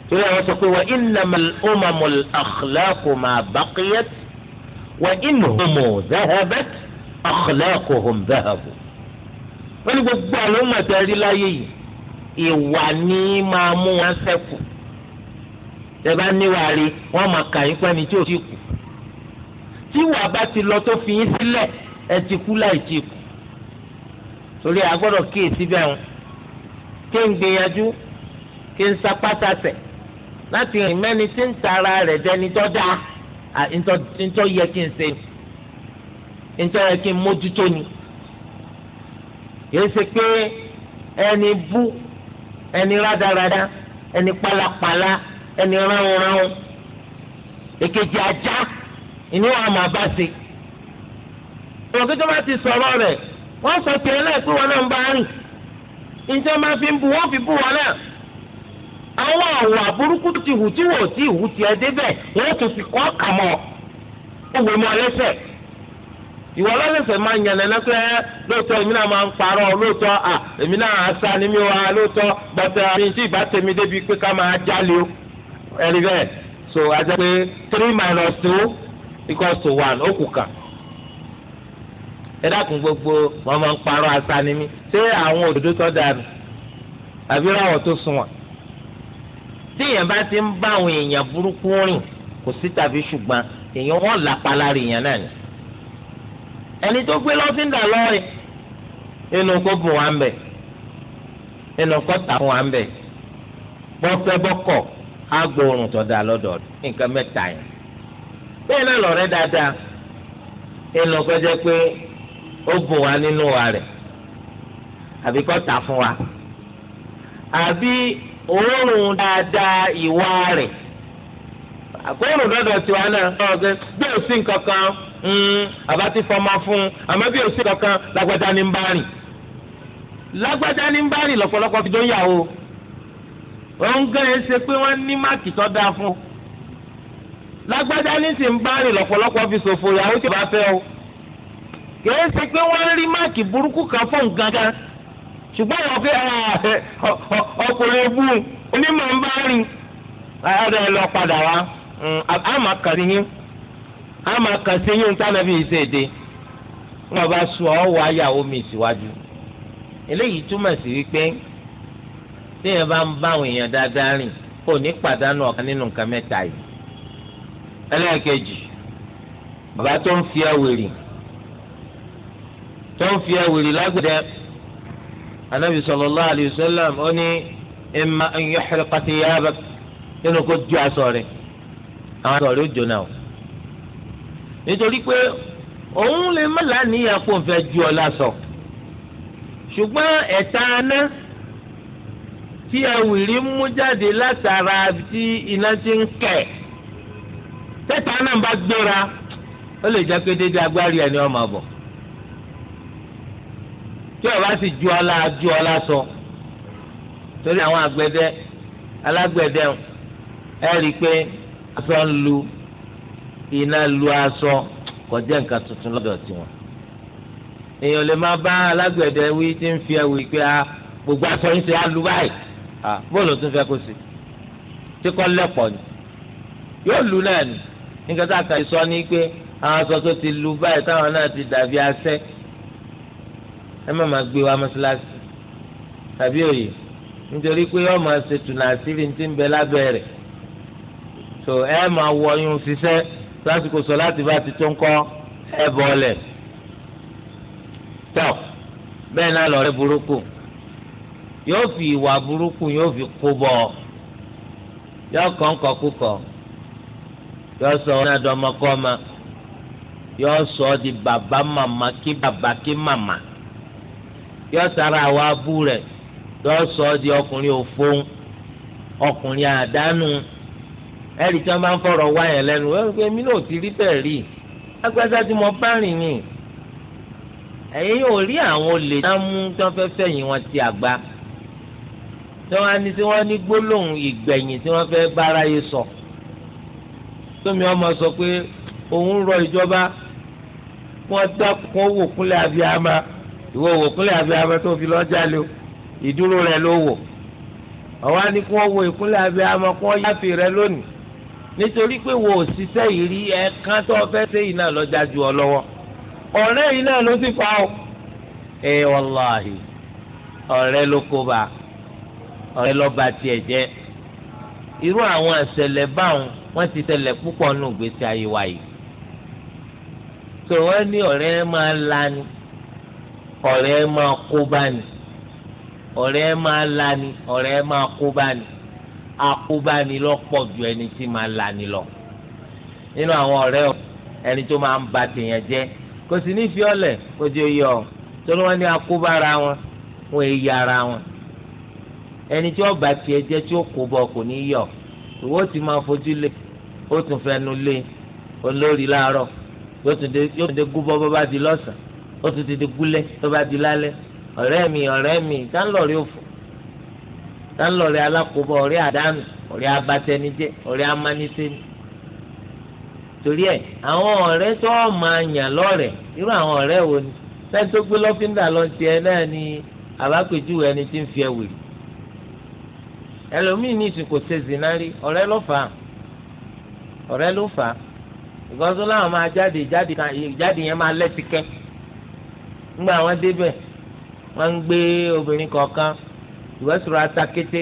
torí àwọn sọ pé wa innamal umamul akhlaqu ma baqiyat wa inhum dhahabat akhlaquhum dhahabu wọ́n ní gbogbo àwọn mọ̀tẹ́rì láyé yìí ìwà ní máa mú wọn ṣẹ́kù tẹ́bá níwárí wọ́n máa kà yín pẹ́ni tí ò ti kù tí ìwà bá ti lọ tó fi yín sílẹ̀ ẹ ti kú láì ti kù torí a gbọ́dọ̀ kíyèsí wọn kí n gbìyànjú kí n sapá sasẹ̀ láti rìn mẹ́ni tí ń tara rẹ̀ dẹni tó dáa ntọ́ yẹ kí n ṣe ntọ́ yẹ kí n mójútó ni kìí ṣe pé ẹni bú ẹni rádaràda ẹni pálapàla ẹni ránunránun èkejì ajá ìní wàá máa bá ṣe. ìwọ̀n kí tó bá ti sọ̀rọ̀ rẹ̀ wọ́n sọ tiẹ̀ náà pé wọn náà ń bá rìn ìjọ máa fi ń bu wọ́n fi bú wọn náà. àwọn àwọ̀ àbúrúkú ti hù tí wò ó ti hù tiẹ̀ débẹ̀ wọ́n tún fi kọ́ kà ó wò mọ́ lẹ́sẹ̀ ìwọ lọ́sẹ̀sẹ̀ máa ń yànnà náà pé lóòótọ́ èmi náà máa ń parọ́ lóòótọ́ à èmi náà àṣà ni mi wà lóòótọ́ bàtà mi tí ìbá tèmi débi pé ká máa jálè o ẹ̀rí bẹ́ẹ̀ so àti pé three minus two equals to one ó kù kàn ẹ dákun gbogbo wọn máa ń parọ́ àṣà ni mi ṣé àwọn òdòdó tó dànù àbí ráwọ̀ tó sunwọ̀n tí èèyàn bá ti ń bá àwọn èèyàn burúkú rìn kò sí tàbí ṣùgbọ́n èèyàn wọn làpá lára èèyàn náà ni ẹni tó gbé lọ́fíńdà lọ́ọ̀rì nínú kó bùn wá ń bẹ̀ nínú kó tà fún wá ń bẹ̀ bọ́pẹ́ bọ́kọ̀ á gbóòórùn tó lọ́dọ̀ nǹkan mẹ́ta yẹn bẹ́ẹ̀ náà lọ́rẹ́ dáadáa nínú kó jẹ́ pé ó bùn wá nínú wa rẹ̀ àbí kó tà fún wa àbí tiwa náà Hmm, àbá ti fọmọ fún un àmọ́ bí òsì kankan lágbájá ní ń bá rìn lágbájá ní ń bá rìn lọ́pọ̀lọpọ̀ fi dóyà o òun gan ẹ ṣe pé wọ́n ní máàkì tó dáa fún un lágbájá ní sì ń bá rìn lọ́pọ̀lọpọ̀ fi ṣòfò ìyàwó tí bá fẹ́ o kì í ṣe pé wọ́n rí máàkì burúkú kan fóun gangan ṣùgbọ́n àwọn pé ah, ọkùnrin ebú onímọ̀ ń bá rìn ọ̀dọ̀ lọ padà wá àmọ́ hmm, kàrí a máa kàn sí yín tánàbí yìí ṣe dé wọn bá sọ ọ wọ ayàwó mi síwájú eléyìí túmọ̀ sí wípé téèyàn bá ń bá àwọn èèyàn dáadáa rìn kò ní pàdánù ọ̀kan nínú nǹkan mẹ́ta yìí ẹlẹ́ẹ̀kejì bàbá tó ń fi ẹwìrì tó ń fi ẹwìrì lágbẹ̀dẹ anabi sallallahu alayhi wa sallam ó ní imma an yuhriqa thiyabak nínú kó ju aṣọ àwọn aṣọ ó jóná o nítorí pé òun lè má lánìyàn kó n fẹ́ ju ọ lásọ ṣùgbọ́n ẹ̀ta aná tí awìrì mú jáde látara tí iná ti ń kẹ̀ tẹ́ta náà bá gbéra ó lè jẹ́ pé déédéé agbárí ẹ̀ ni wọ́n máa bọ̀ tí ọba sì ju ọlá ju ọlá sọ torí àwọn àgbẹ̀dẹ alágbẹ̀dẹ ẹ rí i pé aṣọ ń lu iná lu aṣọ kọjá nǹkan tuntun lọ́dọ̀ tiwọn. èèyàn lè máa bá alágbẹ̀dẹ wí tí ń fi ẹ̀wì pé a ah, gbogbo aṣọ yín ṣe á lu báyìí ah, bóòlù tún fẹ́ kó sí tí kò lẹ́pọ̀ ni yóò lu náà ni nígbà tá a kà sọ ni pé àwọn aṣọ tó ti lu báyìí táwọn náà ti dàbí asẹ́ ẹ má máa gbé wa mọ́ṣáláṣí tàbí òye nítorí pé yóò máa ṣètùnà àṣírí ti ń bẹ lábẹ́ rẹ̀ tó ẹ máa wọ ọyún ṣiṣẹ́ lásìkò sọ láti bá ti tó ń kọ́ ẹ bọ́ọ̀lẹ̀ tọ́ bẹ́ẹ̀ náà lọ́rẹ́ burúkú yóò fi ìwà burúkú yóò fi kó bọ́ ọ yóò kọ́ ńkọ́ Yọọ sọ ọ náà dọ́mọkọ́ ma yóò sọ ọ́ di bàbá màmá kí bàbá kí màmá yóò àwọn abú sọ ọ di ọkùnrin òfóun ẹ̀rí tí wọ́n bá ń fọ̀rọ̀ wá yẹn lẹ́nu wọ́n pe mí náà ti rí bẹ́ẹ̀ rí agbádá tí mo bá rìn ni ẹ̀yin yóò rí àwọn olè tí wọ́n mú tí wọ́n fẹ́ fẹ̀yìn wọn ti àgbá tí wọ́n á ní tí wọ́n ní gbólóhùn ìgbẹ̀yìn tí wọ́n fẹ́ bára yé sọ tómi ọmọ sọ pé òun rọ ìjọba wọ́n dákun owó kúnlẹ̀ abiyama ìwọ òwò kúnlẹ̀ abiyama tó fi lọ́jà lé ìdúró rẹ̀ ló wò ọ̀wá ní kí wọ́n wo ìkúnlẹ̀ abiyama kí wọ́n yáfi rẹ̀ lónìí nítorí pé wo òṣìṣẹ́ yìí rí ẹ̀ẹ̀kan tó fẹ́ ṣe yìí náà lọ́jà ju ọ lọ́wọ́ ọ̀rẹ́ yìí náà ló sì fa o. ẹ wàláhì ọ̀rẹ́ ló kó bá ọ̀rẹ́ lọ́ba tiẹ̀ jẹ́ irú àwọn àṣẹlẹ̀ báwọn wọ́n ti ṣẹlẹ̀ púpọ̀ nù gbèsè ayé wa yìí. tó ní ọ̀rẹ́ máa lani ọ̀rẹ́ máa kó bá ni ọ̀rẹ́ máa lani ọ̀rẹ́ máa kó bá ni akóbánilọ pọ̀ ju ẹni tí máa lani lọ nínú àwọn ọ̀rẹ́ ẹni tó máa ń ba tèèyàn jẹ́ kò sì ní fi ọ̀lẹ̀ kò jẹ oyè ọ torí wọn ní akóbára wọn wọn èyí ara wọn ẹni tí ọba tiẹ̀ jẹ́ tí ó kó bọ kò ní yọ ìwọ ti máa fojú lé ó tún fẹnu lé olórí láàárọ̀ yóò tún dé gúbọ bó bá di lọ́sàn ó tún ti di gúlẹ tó bá di lálẹ́ ọ̀rẹ́ mi ọ̀rẹ́ mi táńlọrí òfò lọ́lọ́rẹ́ alákòóbọ̀ ọ̀rẹ́ àdánù ọ̀rẹ́ abatẹnijẹ́ ọ̀rẹ́ amánisẹ́ni. torí ẹ àwọn ọ̀rẹ́ tó máa yàn lọ́rẹ̀ irú àwọn ọ̀rẹ́ wo ni sẹ́ni tó gbé lọ́fíńdà lọ tiẹ̀ náà ni àbápèjúwe ẹni tí ń fi ẹ̀ wèrè. ẹlòmíì ní ṣe zinari ọ̀rẹ́ ló fà á ọ̀rẹ́ ló fà á jáde ìwé sọ̀rọ̀ atakété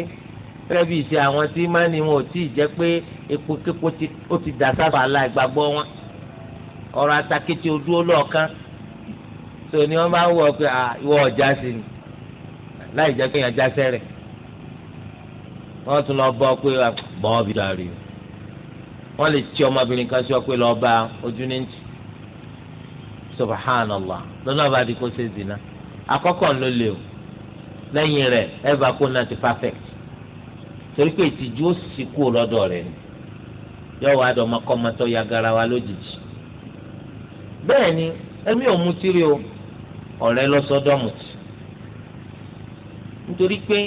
rẹ́bí ìṣe àwọn tí mánì wọn ò tí ì jẹ́ pé epo képo ó ti dà sáfà aláìgbàgbọ́ wọn ọ̀rọ̀ atakété Ọrụ olóòkan tó ni wọ́n máa ń wọ̀ pé ìwọ ọ̀já sí ni láì jẹ́ pé èèyàn sẹ́rẹ̀ wọ́n tún lọ bọ́ pé bọ́ọ̀ bí dàrí wọ́n lè ọmọbìnrin kan sí ọ pé lọ́ọ́ bá ojú ní ti subhanallah lọ́nà bá di kó ṣe o. lẹ́yìn rẹ̀ ẹ kó náà ti perfect torí pé ìtìjú ó sì kú lọ́dọ̀ rẹ̀ ni yọ wá dọ̀mọ́ kọ́mọtọ́ ya gara wa lójijì bẹ́ẹ̀ ni ẹ̀mí ò mutí rí o ọ̀rẹ́ lọ́sọ́dọ̀ nítorí pé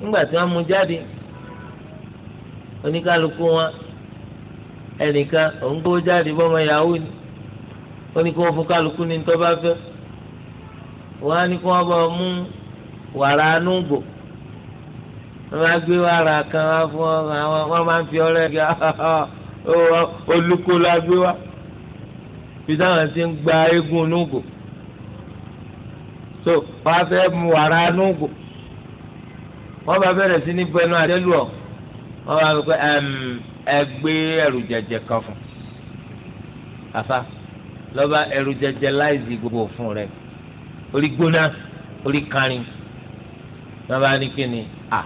nígbà tí wọ́n mú jáde oníkálukú wọn ẹnìkan òun gbówó jáde bọ́mọ yahoo ni ó fún kálukú ní tó bá fẹ́ wọ́n á ní kí wọ́n bọ̀ mú wàrà anúgbò wọ́n máa gbé wàrà kan wá fún wọn wọ́n máa ń fi ọ̀rẹ́ gà olùkó la gbé wá bí táwọn ti ń gba eégún núgò so wọ́n á fẹ́ mu wàrà núgò wọ́n bá bẹ̀rẹ̀ sí ní bẹnu àdélù ọ̀ wọ́n bá gbé ẹ ẹrù jẹjẹ kan fún àfa lọ́ba ẹrù jẹjẹ láìsí gbogbo fún rẹ̀ orí gbóná orí kárin wọn bá ní kíni à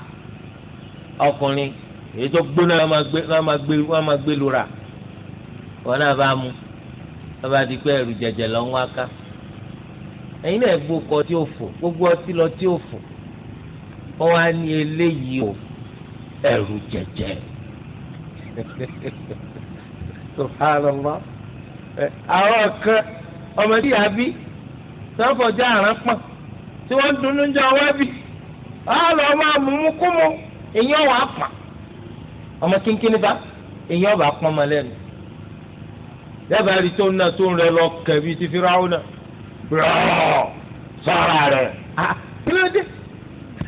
ọkùnrin èyí tó gbóná wọn máa gbé wọn máa gbé wọn máa gbé lura wọn náà bá mu wọn bá di pé ẹrù jẹjẹ lọ ń wá ká ẹyin náà gbó kọ tí ó fò gbogbo ọtí lọ tí ó fò wọn wá ní eléyìí o ẹrù jẹjẹ subhanallah àwọn kan ọmọdé yà bí sọ́fọ̀já àrán pọ̀n tí wọ́n ń dunnú jẹ́ ọwọ́ bí ọlọ́ máa mú mú kú mu èyí ọ̀wọ́ àpà ọmọ kínkínní bá èyí ọ̀bà pọ́n ọmọ lẹ́nu lẹ́bàá rí tó ń ná tó ń rẹ lọ kẹ̀bi ti fi ráwọ́ náà rọ́ọ̀ sọ́ra rẹ̀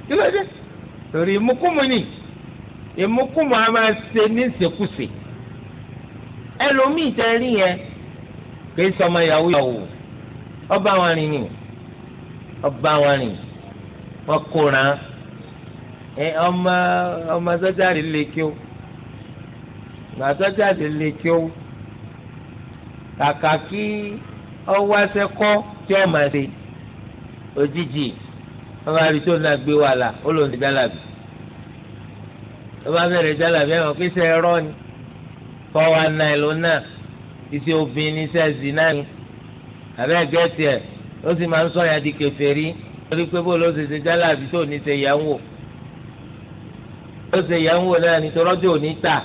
kí ló torí ìmúkúmu ni ìmúkúmu a máa ṣe ní ìṣekúṣe ẹlòmíì tẹ́ rí yẹn kì í sọmọ ìyàwó yàwó ọba wọn rìn ni ọba wọn rìn wọn kóra ẹ ọmọ ọmọ sọjà rẹ lè kí o ọmọ sọjà rẹ lè kí o kàkà kí ọwọ́ ẹsẹ̀ tí ọmọ ẹsẹ̀ òjijì ọmọ àdìsó náà gbé wà là ó lòun ti jálàbí ọba bẹ̀rẹ̀ jálàbí ẹ̀wọ̀n kí sẹ́ ẹ̀rọ ni fọwọ́ àná ẹ̀ lónà iṣẹ́ obìnrin iṣẹ́ zì náà ni àbẹ́ gẹ́tì ẹ̀ ó sì máa ń sọ yẹn di kèfèrí torí pé bó ló ṣe ṣe jálá àbí tó ní ṣe yẹn wò ó ṣe yẹn wò náà ní torọ́jọ́ òní tà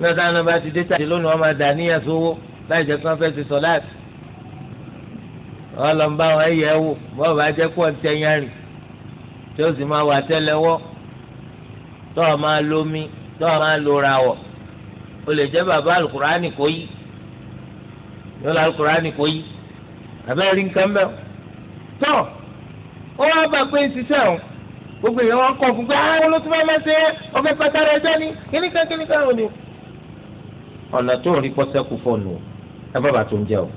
náà táwọn bá ti dé tàdé lónìí wọn máa dà níyàn sówó láì jẹ́ kí wọ́n fẹ́ ṣe sọ láti ọlọ́mbà wọn ẹ̀yẹ wò bọ́ọ̀ bá jẹ́ pọ̀ ń tẹ̀yàn rìn tí ó sì máa wà tẹ́lẹ̀wọ́ tọ́ọ̀ máa lómi tọ́ọ̀ máa lóra wọ̀ ó lè jẹ́ bàbá alukurani kò yí yóò lọ alukurani kò yí abẹ́rẹ́ rí nǹkan bẹ́ẹ̀ tọ́ ó wá bá pé ń ṣiṣẹ́ o gbogbo èèyàn wọn kọ fún pé ah wọn ló tún máa ma ṣe ọbẹ̀ pàtàkì ẹjọ́ ni kíníkan kíníkan ò ní. ọ̀nà tó ń rí pọ́sẹ́kù fọ́ọ̀nù ẹ bá bàtò ń jẹ o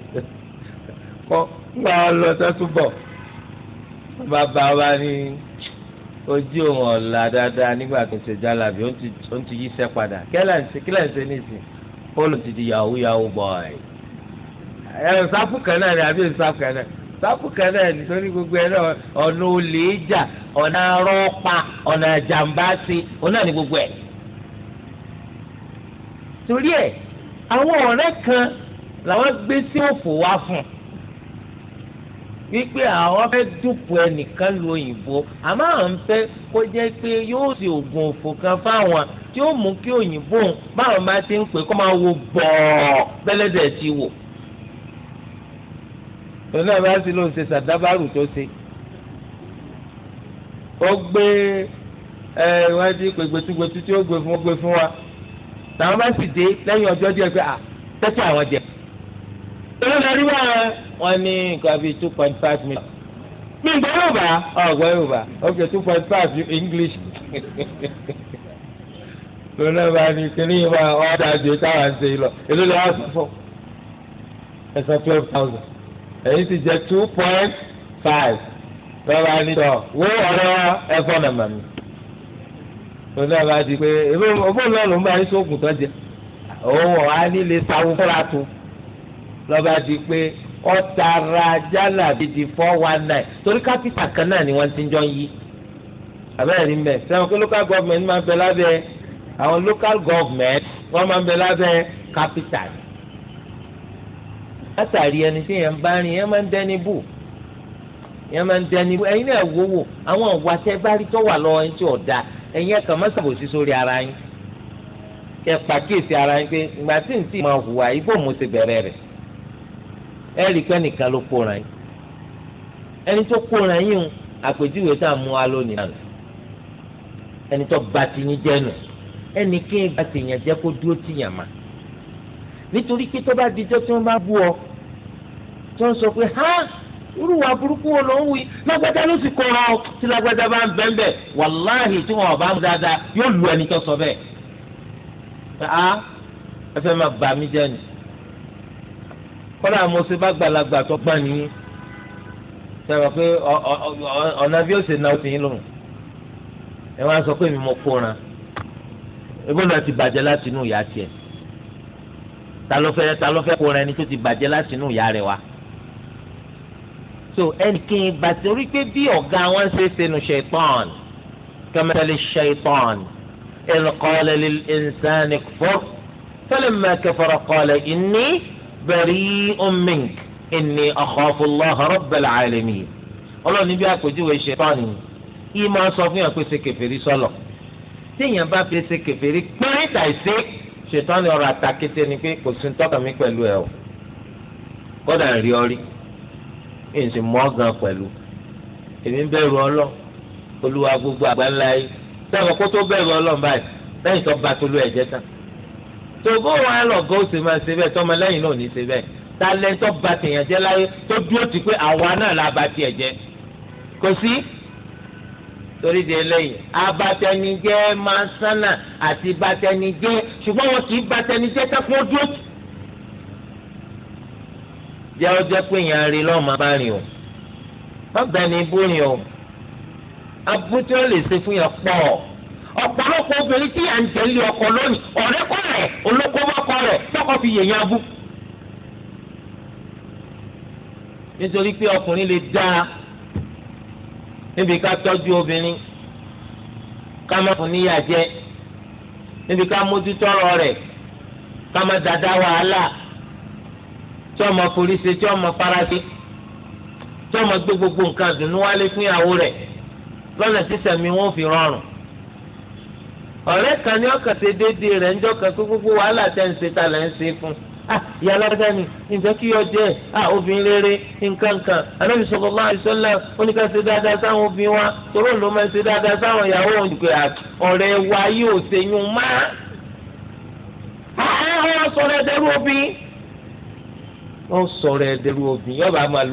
kọ́ ńgbà wọn lọ sẹ́tù bọ̀ bàbá wa ni ojú òun ọ̀la dáadáa nígbà tó ṣe jálàbí ó ń ti yí sẹ́ padà kílẹ̀ ń ṣe nísìnyí pọ́lù ti di yahoo yahoo boy ẹ sáfù kan náà ni àbí sáfù kan náà sáfù kan náà nítorí gbogbo ẹ náà ọ̀nà olè jà ọ̀nà arọ́pa ọ̀nà jàǹbá sí ọ̀nà ni gbogbo ẹ̀. torí ẹ̀ àwọn ọ̀rẹ́ kan làwọn gbé sí òfò wá fún un wípé àwọn fẹ́ dúpọ̀ ẹnìkan lu òyìnbó àmọ́ àwọn ń fẹ́ kó jẹ́ pé yóò ṣe oògùn òfò kan fáwọn tí ó mú kí òyìnbó báwọn bá ti ń pè kó máa wo bọ̀ọ̀ bẹ́lẹ́dẹ̀ ti wò. òun náà bá sì ló ń ṣe sàdábàrù tó ṣe. ó gbé ẹ ìwádìí pé gbẹtugbẹtu tí ó gbé fún wa. làwọn bá sì dé lẹ́yìn ọjọ́ díẹ̀ pé à tẹ́tí àwọn jẹ tọ́lá náà rí wá wọn ní nǹkan bíi two point five million mi n gbọ́ yorùbá ọ̀gbọ́ yorùbá ok two point five english lọ́nà bá ní kíní yìí máa ọ́ dájú táwọn ṣe lọ èló lọ́wọ́ sọ fún ẹ sọ twelve thousand èyí ti jẹ two point five lọ́wọ́ bá ní tọ́ wó ọ̀rọ̀ ẹ̀fọ́ nàmà mi lọ́nà bá di pé ebó lọ́ọ̀lù ń bá yín sóògùn tó jẹ òun ọ̀ á nílé sáwó fúnra tó lọ́ba di pé ọ̀tara jálà bíi di four one torí kápítà kan náà ni wọ́n ti ń jọ ń yí abẹ́rẹ́ rí mbẹ́ sẹ́wọ̀n pé local government máa ń bẹ lábẹ́ àwọn local government wọ́n máa ń bẹ lábẹ́ kápítà látàrí ẹni tí yẹn ń bá rìn yẹn máa ń dẹ́ni bù yẹn máa ń dẹ́ni bù ẹ̀yin náà wò wò àwọn ọ̀wà tẹ́ bá rí tọ́wà lọ́wọ́ ẹni tí ọ̀dà ẹ̀yin ẹ̀kan má ṣàbòsí sórí ara yín kẹ́ pàkíyèsí ara yín pé ìgbà tí n sì máa hùwà ibò mo ti bẹ̀rẹ̀ rẹ̀ ẹ rí ló kóra yín ẹni tó kóra yín o àpèjúwe tá a mú wa lónìí náà ẹni tó ba ti yín jẹ́ ẹni kí n ba ti yàn jẹ́ kó dúró ti sọ pé ha irú wa burúkú wo ló ń wí lágbàdá ló sì kọ́ ọ tí lágbàdá bá ń bẹ́ẹ̀ bẹ́ẹ̀ wàláhì tí wọn bá ń dáadáa yóò lu ẹni tó sọ bẹ́ẹ̀. ẹ kọ́lá mo ṣe bá gbàlagbà tó gbà nìyí sọ̀rọ̀ pé ọ̀nà bí ó ṣe náà ó ti yín lòun ẹ wá sọ pé mi mo kóra ebó náà ti bàjẹ́ láti inú ìyá tiẹ̀ ta ló fẹ́ ta ló fẹ́ kóra ẹni tó ti bàjẹ́ láti inú ìyá rẹ̀ wá so ẹnìkan bàtí orí pé bí ọ̀gá wọn ṣe ṣẹnu ṣẹ̀tàn kẹ́mẹ́tẹ́lẹ́ ṣẹ̀tàn ẹnìkan lẹ́lẹ́ ẹ̀ńsán ẹ̀kọ́ fọ́lẹ́ mẹ́kẹ́fọ́rọ́ kọ́lẹ́ ìní bari'un mink inni akhafu Allah rabbal alamin ọlọ́run níbi àpèjúwe ṣe tọ́ni yìí máa sọ fún yàn pé ṣe kèfèrí sọlọ téèyàn bá fi ṣe kèfèrí pín tàìsí ṣètọ́ni ọ̀rọ̀ àtàkété ni pé kò sí tọ́ka mi pẹ̀lú ẹ o kódà rí ọ rí èyí sì mọ́ gan pẹ̀lú èmi ń bẹ̀rù ọlọ́ olúwa gbogbo àgbáńlá yìí sẹ́wọ̀n kó tó bẹ̀rù ọlọ́run báyìí lẹ́yìn tó bá tolú ẹ̀jẹ̀ tán tòbó wọn lọgọ ó sì máa ṣe bẹ́ẹ̀ tọmọlẹ́yìn náà ò ní ṣe bẹ́ẹ̀ talẹńtọ ba tèèyàn jẹ́ láyé tó dúró ti pé àwa náà la ba tiẹ̀ jẹ́ kò sí torí di eléyìí abatẹnijẹ́ máa sánà àti batẹnijẹ́ ṣùgbọ́n wọn kì í batẹnijẹ́ tẹkùn dúró tù jẹ́ ọ jẹ́ pé èèyàn rí lọ́ọ́ máa bá rìn o má bẹ́ẹ̀ ni bó rìn o abúté ó lè ṣe fún yẹn pọ̀ ọ̀pọ̀lọpọ̀ obìnrin tí à ń tẹ̀lé ọkọ lónìí ọ̀rẹ́kọ̀ rẹ̀ olókòwòkọ rẹ̀ tọkọ fi yèyàn abú. nítorí pé ọkùnrin lè dáa níbi ká tọ́jú obìnrin ká má fún níyà jẹ níbi ká mójútó ọ̀rọ̀ rẹ̀ ká má dada wàhálà tí ọmọ forí ṣe tí ọmọ fara tí ọmọ gbé gbogbo nǹkan dùnú wálé fún ìyàwó rẹ̀ lọ́nà tí sẹ̀mí wọn ò fi rọrùn ọ̀rẹ́ kan ní ọkàn ṣe déédéé rẹ̀ ńjọ́ kan kó gbogbo wàhálà tẹ́ ń ṣe ta lẹ́ ń ṣe fún ah, ìyá alágbádá ni ǹjẹ́ kí yọ jẹ́ ah, obìnrin rere nǹkankan anábì sọ̀rọ̀ máa ń sọ́lá oníkà ṣe dáadáa sáwọn obìnrin wa tòró ló máa ń ṣe dáadáa sáwọn ìyàwó òǹdùkọ̀ ah, ọ̀rẹ́ wa yóò ṣe yún má. àwọn sọ̀rọ̀ ẹ̀dẹ́rú obìnrin wọ́n sọ̀rọ̀ ẹ̀dẹ́rú obìnrin yọ̀bá máa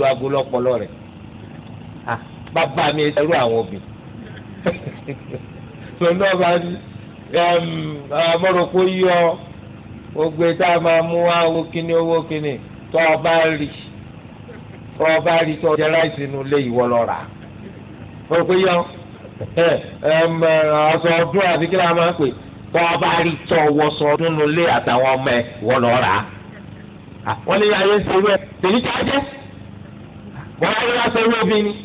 lo mọ̀rọ̀kọ yọ gbogbo tá a máa mú wá owó kíní owó kíní tó o bá rí tó o bá rí tó o jẹ láìsí inú ilé ìwọ lọ rà mọ̀rọ̀kọ yọ aṣọ ọdún àbí kí la máa pè tó o bá rí tó o wọ ọdún inú ilé àtàwọn ọmọ ẹ ìwọ lọ rà wọ́n lé ayé ń ṣe tèmi tí a jẹ́ wọ́n á rí aṣọ ìwé obìnrin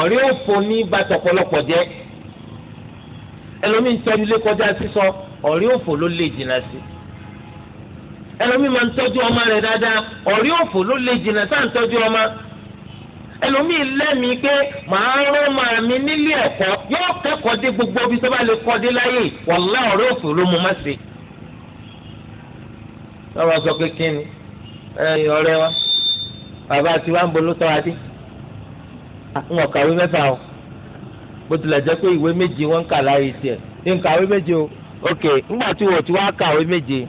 ọ̀rẹ́ òfò ní bàtọ̀ ọ̀pọ̀lọpọ̀ jẹ́. ẹlòmíì ń tẹnu lé kọjá sísọ ọ̀rẹ́ òfò ló lè jìnnà sí ẹlòmíì máa ń ọmọ rẹ̀ dáadáa ọ̀rẹ́ òfò ló lè jìnnà sáà ń ọmọ pé màá mi nílé ẹ̀kọ́ yóò kẹ́kọ̀ọ́ dé gbogbo lè kọ́ dé láyè òfò ló má bó tilẹ̀ jẹ́ pé ìwé méje wọ́n ń kà láyé tiẹ̀ ní nkàwé méje o ok ńgbà tí wọ́n ti wá kàwé méje.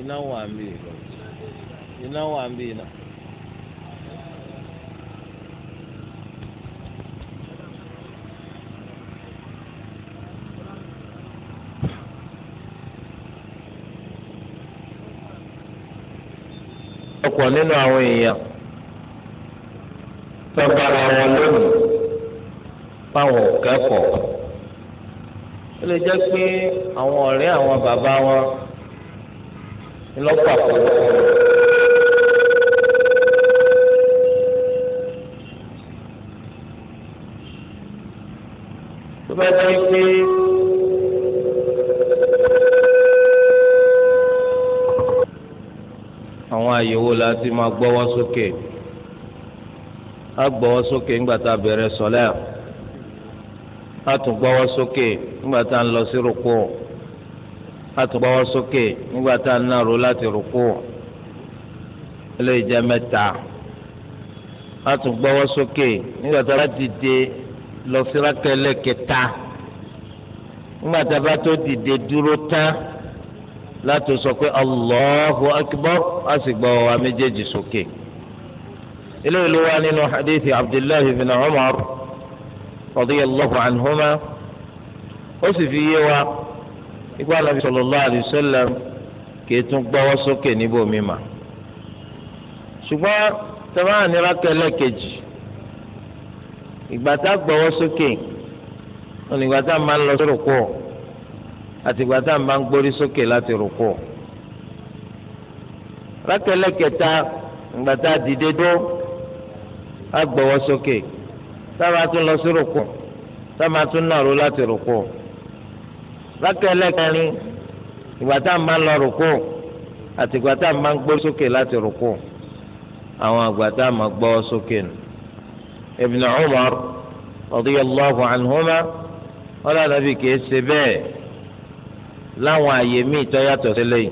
iná wà ń bì iná wà ń bì náà. ọ̀pọ̀lọpọ̀ nínú àwọn èèyàn tọ́gbàrà wọn lónìí fáwọn kẹ́kọ̀ọ́ ó lè jẹ́ pé àwọn ọ̀rẹ́ àwọn bàbá wọn ńlọ́pọ̀ àpọ̀lọpọ̀ tó bá jẹ́ pé. àwọn àyè la ti máa gbọ́wọ́ sókè a gbọ́wọ́ sókè ńgbà tá a a tún gbọ́wọ́ sókè ńgbà tá a a tún gbọ́wọ́ sókè ńgbà tá a ń nàró láti rúkú a tún gbọ́wọ́ sókè nígbà tá a dìde lọ sí rákẹ́lẹ́ kẹta ńgbà tá a láti sọ pé allahu akbar a sì gbọ́ wa méjèèjì sókè. ilé ìlú wa abdullahi bin umar radiyallahu anhuma ó sì fi wa ikú sallallahu alayhi wa sallam kì í tún gbọ́wọ́ sókè níbòmí mà. ṣùgbọ́n tẹ́lẹ̀ ànírà kẹlẹ́ kejì àtìgbà tá à ń bá ń gbórí sókè láti rúkọ rákẹlẹ kẹta ìgbà tá a dìde dó a gbọ́wọ́ sókè tá a máa tún lọ sí rúkọ tá a máa tún nàró láti rúkọ rákẹlẹ kẹrin ìgbà tá à ń bá ń lọ rúkọ àtìgbà tá à ń bá ń gbórí sókè láti rúkọ àwọn àgbà tá a máa gbọ́wọ́ sókè nù Ibn Umar radiyallahu anhuma wala Nabi kìí ṣe bẹ́ẹ̀ láwọn àyè míì tó yàtọ̀ sílẹ̀ yìí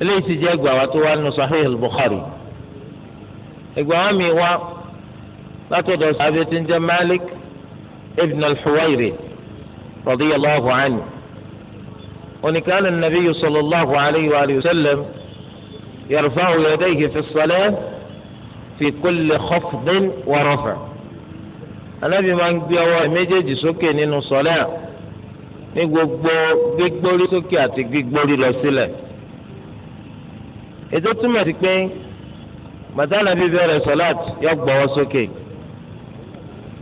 eléyìí ti jẹ́ ẹgbàá wa tó wá nù Sahih al-Bukhari ẹgbàá wa mi wá látọ̀dọ̀ sàbẹ tí ń jẹ́ Malik ibn al-Huwairi radiyallahu anhu oníkàlẹ̀ nàbí sallallahu alayhi wa sallam yarfa'u yadayhi fi as fi kulli khafdin wa anabi máa ń gbé ọwọ́ méjèèjì sókè nínú sọlẹ́ à ní gbogbo gbígbórí sókè àti gbígbórí lọ sílẹ̀ ètò túmọ̀ sí pé bàtà nàbí bẹ̀rẹ̀ sọ́láàt yọ gbọ́wọ́ sókè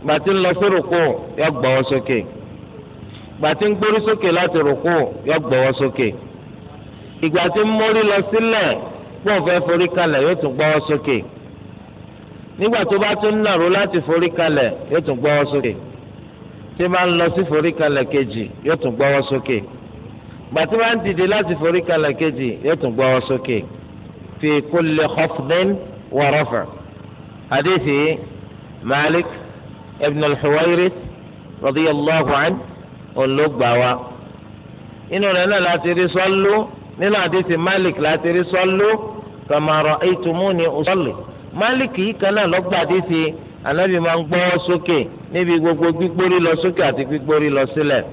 bàtí ń lọ sí rùkú yọ gbọ́wọ́ sókè bàtí ń gbórí sókè láti rùkú yọ gbọ́wọ́ sókè ìgbà tí ń mórí lọ sílẹ̀ pọ̀ fẹ́ forí kalẹ̀ yóò tún gbọ́wọ́ sókè nígbà tó bá tún nàró láti forí kalẹ̀ yóò tún gbọ́wọ́ sókè tí bá ń lọ sí foríkalẹ̀ kejì yóò tún gbọ́wọ́ sókè gbàtí bá ń dìde láti foríkalẹ̀ kejì yóò tún gbọ́wọ́ sókè fi kulli khafdin wa raf'a hadithi malik ibn al-huwairis radiyallahu anhu olóògbàwa inú rẹ̀ náà láti rí sọ́lú nínú hadithi malik láti rí sọ́lú kama ra'aytumuni usalli malik yìí kan náà lọ́gbàdé sí i anabi máa ń gbọ́ sókè níbi gbogbo gbígbórí lọ sókè àti gbígbórí lọ sílẹ̀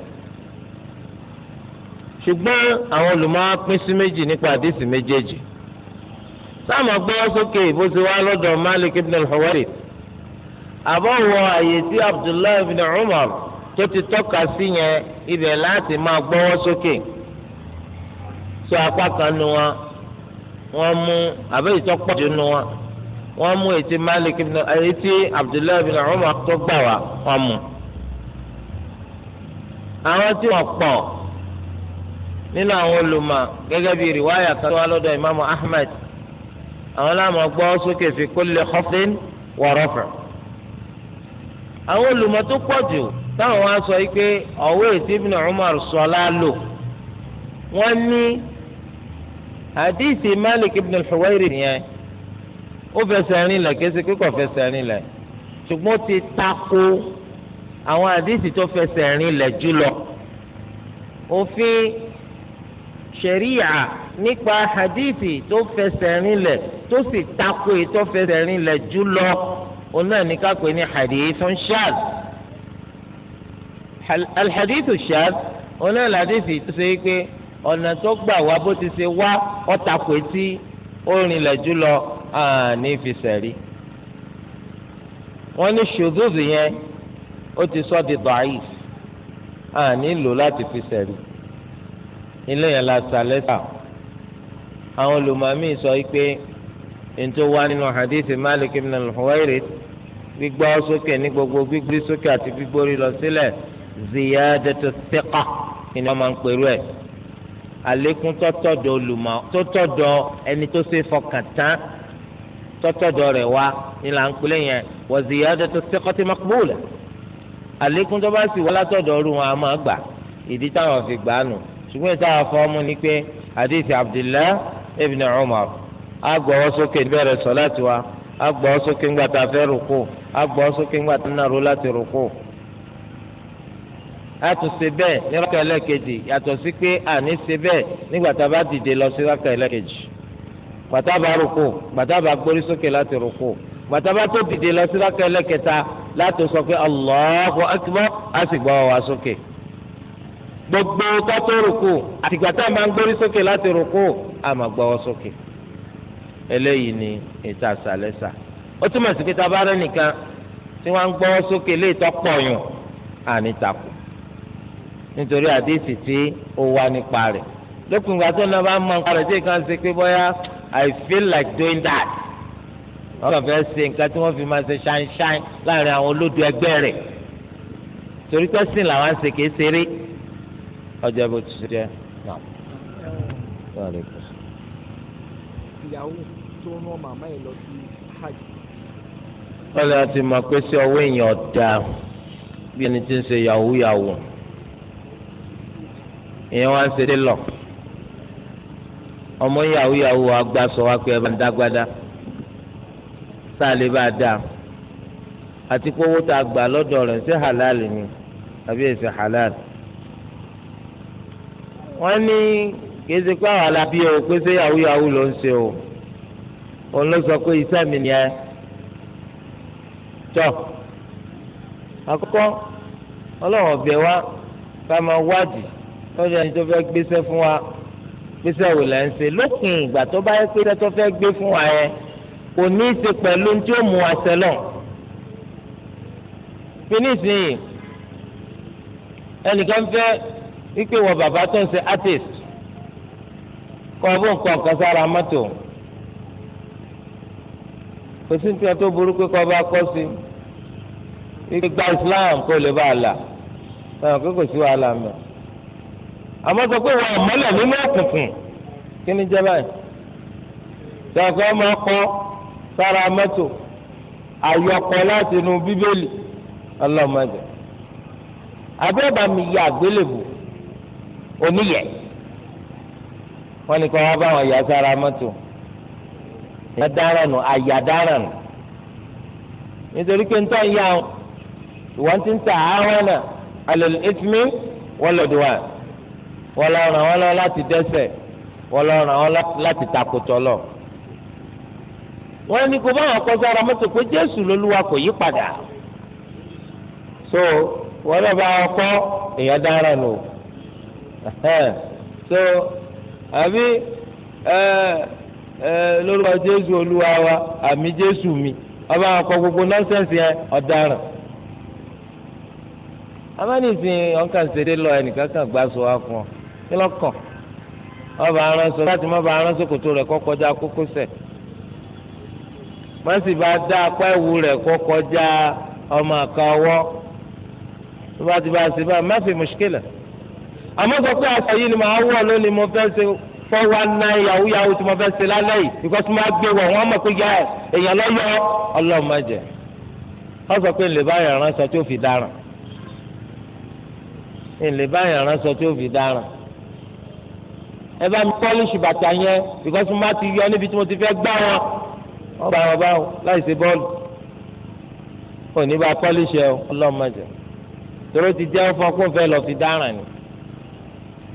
ṣùgbọ́n àwọn olùmọ̀ pín sí méjì nípa àdìsí méjèèjì sáàmù gbọ́ sókè bó ti wá lọ́dọ̀ Malik ibn al-Huwayrith àbọ̀wọ̀ àyè tí Abdullahi ibn Umar tó ti tọ́ka sí yẹn ibẹ̀ láti máa gbọ́wọ́ sókè sọ apá kan nu wọn wọn mú àbẹ́yìí tó pọ̀ jù nu wọn wọ́n mú etí malik ibn etí abdullahi ibn umar tó gbà wá wọ́n mú. àwọn tí wọ́n pọ̀ nínú àwọn olùmọ̀ gẹ́gẹ́ bíi riwaya kan tó wá lọ́dọ̀ imaamu ahmed àwọn làwọn gbọ́ sókè fi kulli khafdin wa àwọn olùmọ̀ tó pọ̀ jù táwọn wá sọ pé ọ̀wé etí ibn umar sọ láàlò wọ́n ní hadisi malik ibn al-huwairi nìyẹn ó fẹsẹ̀ rìn lẹ̀ kése kíkọ̀ fẹsẹ̀ rìn lẹ̀ ṣùgbọ́n ti tako àwọn àdìsí tó fẹsẹ̀ rìn lẹ̀ jùlọ òfin ṣẹ̀ríyà nípa àdìsí tó fẹsẹ̀ rìn lẹ̀ tó sì tako ètò fẹsẹ̀ rìn lẹ̀ jùlọ òun náà ní ká pè ní hadithun shadh alhadithu shadh òun náà làdìsí tó ṣe pé ọ̀nà tó gbà wá bó ti ṣe wá ó etí ó rìn lẹ̀ jùlọ àní fi sẹ̀rí wọ́n ní ṣòdòdò yẹn ó ti sọ di da'if àní lò láti fi sẹ̀rí ilé yẹn la sàlẹ́sà àwọn olùmọ̀mí sọ pé ètò wa nínú hadithi Malik ibn al-Huwayrith gbígbọ́ sókè ní gbogbo gbígbé sókè àti gbígbórí lọ sílẹ̀ ziyadatu thiqa ni wọ́n máa ń pèrú ẹ̀ àlékún tó tọ̀dọ̀ ẹni tó ṣe fọkàn tán tọ́tọ́dọ̀ rẹ̀ wá ni là ń pè yẹn wa ziyadatu thiqati maqbula àlékún tó bá sì wá látọ̀dọ̀ ọ̀rùn wọn a máa gbà ìdí táwọn fi gbà á nù ṣùgbọ́n ìta àwọn afọ́mú ni pé hadith Abdullah ibn Umar a gbọ́wọ́ sókè bẹ̀rẹ̀ sọ́láàtì wa a gbọ́wọ́ sókè ńgbà tá a fẹ́ rúkú a gbọ́wọ́ sókè ńgbà tá a nàró láti rúkú a tún ṣe bẹ́ẹ̀ ní rákà yàtọ̀ sí pé àní gbàtà bá rúkú gbàtà bá gbórí sókè láti rúkú gbàtà bá tó dìde lọ sí ẹlẹ́kẹta láti sọ pé sókè gbogbo kátó rúkú a máa ń gbórí sókè láti rúkú a máa sókè eléyìí ni ètò àṣàlẹ́sà ó túmọ̀ sí pé tá rẹ nìkan tí wọ́n ń sókè lè tọ́ pọ̀yùn àní takò nítorí tí ó wà nípa rẹ̀ lókùn I feel like doing that. wọ́n kàn fẹ́ ṣe nǹkan tí wọ́n fi máa ṣe ṣáínṣáín láàrin àwọn olódò ẹgbẹ́ rẹ̀ torí pé sìn làwọn ṣe kìí ṣeré ọjọ́ bó ti ṣe jẹ́ náà. ìyàwó tó rán màmá ẹ̀ lọ sí hajj. wọ́n lè ti mọ̀ pé sí ọwọ́ èèyàn ọ̀dà bí ẹni tí ń ṣe yahoo yahoo ìyẹn wá ń ṣe dé lọ ọmọ yahoo yahoo wa gbà sọ wá pé ẹ bá ń dágbádá sáàlì bá dáa àti pé owó tá a gbà lọ́dọ̀ rẹ̀ ṣé halal ni àbí èsì halal. wọ́n ní kì í ṣe pé àwọn alábí o pé ṣé yahoo yahoo ló ń ṣe o òun ló sọ pé iṣẹ́ mi ni ẹ tọ́ àkọ́kọ́ ọlọ́run ọ̀bẹ wa ká máa wádìí lọ́jọ́ ẹni tó fẹ́ gbéṣẹ́ fún wa gbèsè wò lẹ́ ń ṣe lókun ìgbà tó bá yẹ pé tẹ́tọ́ fẹ́ gbé fún wa yẹn kò ní í ṣe pẹ̀lú tí ó mú wa sẹ́lọ̀ finisi yìí ẹnìkan fẹ́ wípé wọ bàbá tó ń ṣe artist kọ́ bó nǹkan kan sára mọ́tò kò sí nǹkan tó burú pé kọ́ bá kọ́ sí wípé gba Islam kó lè bá a là ẹ̀ kó kò sí wàhálà mẹ́rin àmọ́ sọ pé wọ́n mọ́lẹ̀ nínú òkùnkùn kí ni jẹ́ báyìí sọ̀kọ́ máa kọ́ sára mọ́tò àyọkọ́ láti inú bíbélì ọlọ́mọdé abẹ́ẹ̀bà mi yà àgbélébù oníyẹ wọ́n ní kọ́ wá báwọn yà sára mọ́tò ìyá dárànù àyà dárànù nítorí pé ntọ́ ya ìwọ́n ti ń ta àwọn náà alẹ́ ìtumí wọ́n lọ́dún wa. wọ́n lọ ràn wọ́n lọ láti dẹ́ṣẹ̀ wọ́n lọ ràn wọ́n láti lọ. wọ́n ní kó báwọn jésù lolúwa kò yí padà. so wọ́n lọ bá wọn kọ́ èèyàn dára nù. so àbí lórúkọ jésù olúwa wa àmì jésù mi ọba àkọ gbogbo nọ́ọ̀sẹ̀nsì yẹn ọ̀daràn amánìsìn ọ̀nkà lọ ẹnìkan kan gbà sọ wá fún ọ. kí lọ́kàn ọba aránṣọ láti má ba aránṣọ kòtò rẹ̀ kọ́ kọjá kókósẹ̀ má sì bá dá apá ẹ̀wù rẹ̀ kọ́ kọjá ọmọ àka ọwọ́ tó bá ti bá a sì bá a má fi mùṣkílà àmọ́ sọ pé aṣọ yìí ni màá wọ̀ lónìí mo fẹ́ ṣe four one nine yahoo yahoo tí mo fẹ́ ṣe lálẹ́ yìí because mo máa gbé wọ̀ wọ́n mọ̀ pé yẹ èèyàn lọ́yọ́ ọlọ́run má jẹ́ wọ́n sọ pé ńlẹ̀ báyìí aránṣọ tí ó fi dáràn ńlẹ̀ báyìí aránṣọ tí ó fi dáràn ẹ bá mi pọ́líṣì bàtà yẹn bìkọ́sì má ti yọ níbi tí mo ti fẹ́ gbá wọn ọba wọn báwọn láì ṣe bọ́ọ̀lù ò ní bá pọ́líṣì ẹ ọlọ́mọdé tóró ti jẹ́ fún ọkùnrin fẹ́ lọ fi dáràn ni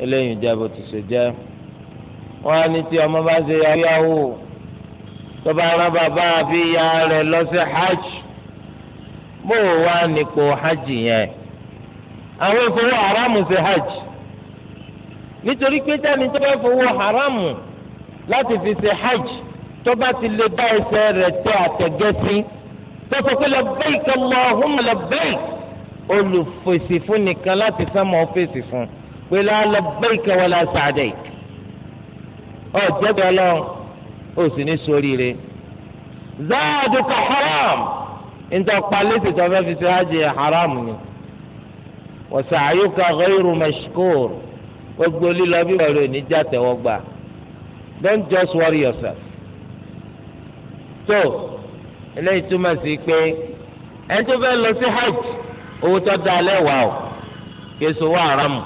eléyìí jẹ́ bó ti ṣe jẹ́ wọn á ní tí ọmọ bá ṣe yahoo yahoo tó bá rán bàbá àbí ìyá rẹ̀ lọ sí hajj bó o wá nípò hajj yẹn àwọn ìfowó aráàmù ṣe hajj nítorí pé sẹ́ni tó bá fowó haramu láti fi ṣe hajj tó bá ti lè dá ẹsẹ̀ rẹ̀ tẹ àtẹ̀gẹ́sí tó sọ pé labbaik Allahumma labbaik olùfèsì fún nìkan láti sánmọ̀ fèsì fún pé la labbaik wala sa'daik ọ̀jẹ̀gbẹ́ ọlọ́run ó sì ní sóríire zaaduka haram nítorí palẹ́tì tó fẹ́ fi ṣe hajj haram ni wa sa'yuka ghayru mashkur gbogbo lílọ bí wọ́n rẹ̀ ní jàtẹ̀wọ́ gbà don't just worry yourself. So, eléyìí túmọ̀ sí pé ẹni tó fẹ́ lọ sí hajj owó tó da alẹ́ wà o kì í sowó àràmù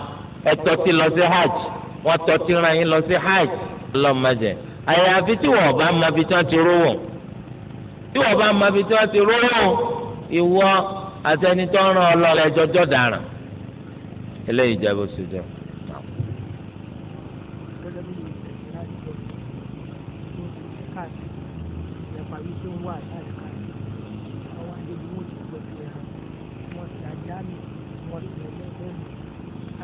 ẹ tọ́tí lọ sí hajj wọ́n tọ́tí ran yín lọ sí hajj lọ́mọdé àyàfi tí wọ́n bá mọ ibi tí wọ́n ti rówó tí wọ́n bá mọ ibi tí wọ́n ti rówó ìwọ àtẹnitọ́ ran ọlọ́ọ̀lẹ́jọ́jọ́ dáràn eléyìí jẹ́ bó ṣe jẹ́.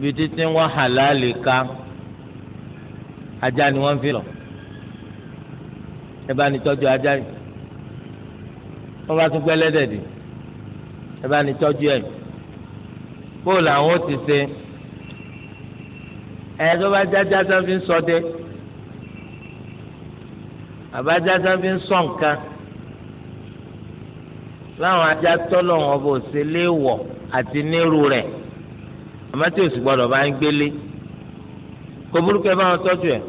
bí títí wọn halali ká ajá ni wọn fi lọ ẹ bá ní tọ́jú ajá yìí wọn bá tún gbẹlẹdẹ dì ẹ bá ní tọ́jú ẹ bóòlù àwọn ó ti ṣe ẹ tó bá jájá tó fi ń ṣọdẹ àbájá tó fi ń sọ nǹkan láwọn ajá tọ́lọ̀ wọn bò ṣe léèwọ̀ àti nírú rẹ̀ àmọ́ tí òsì gbọ́dọ̀ bá ń gbélé kò burúkú ẹ bá wọn tọ́jú ẹ̀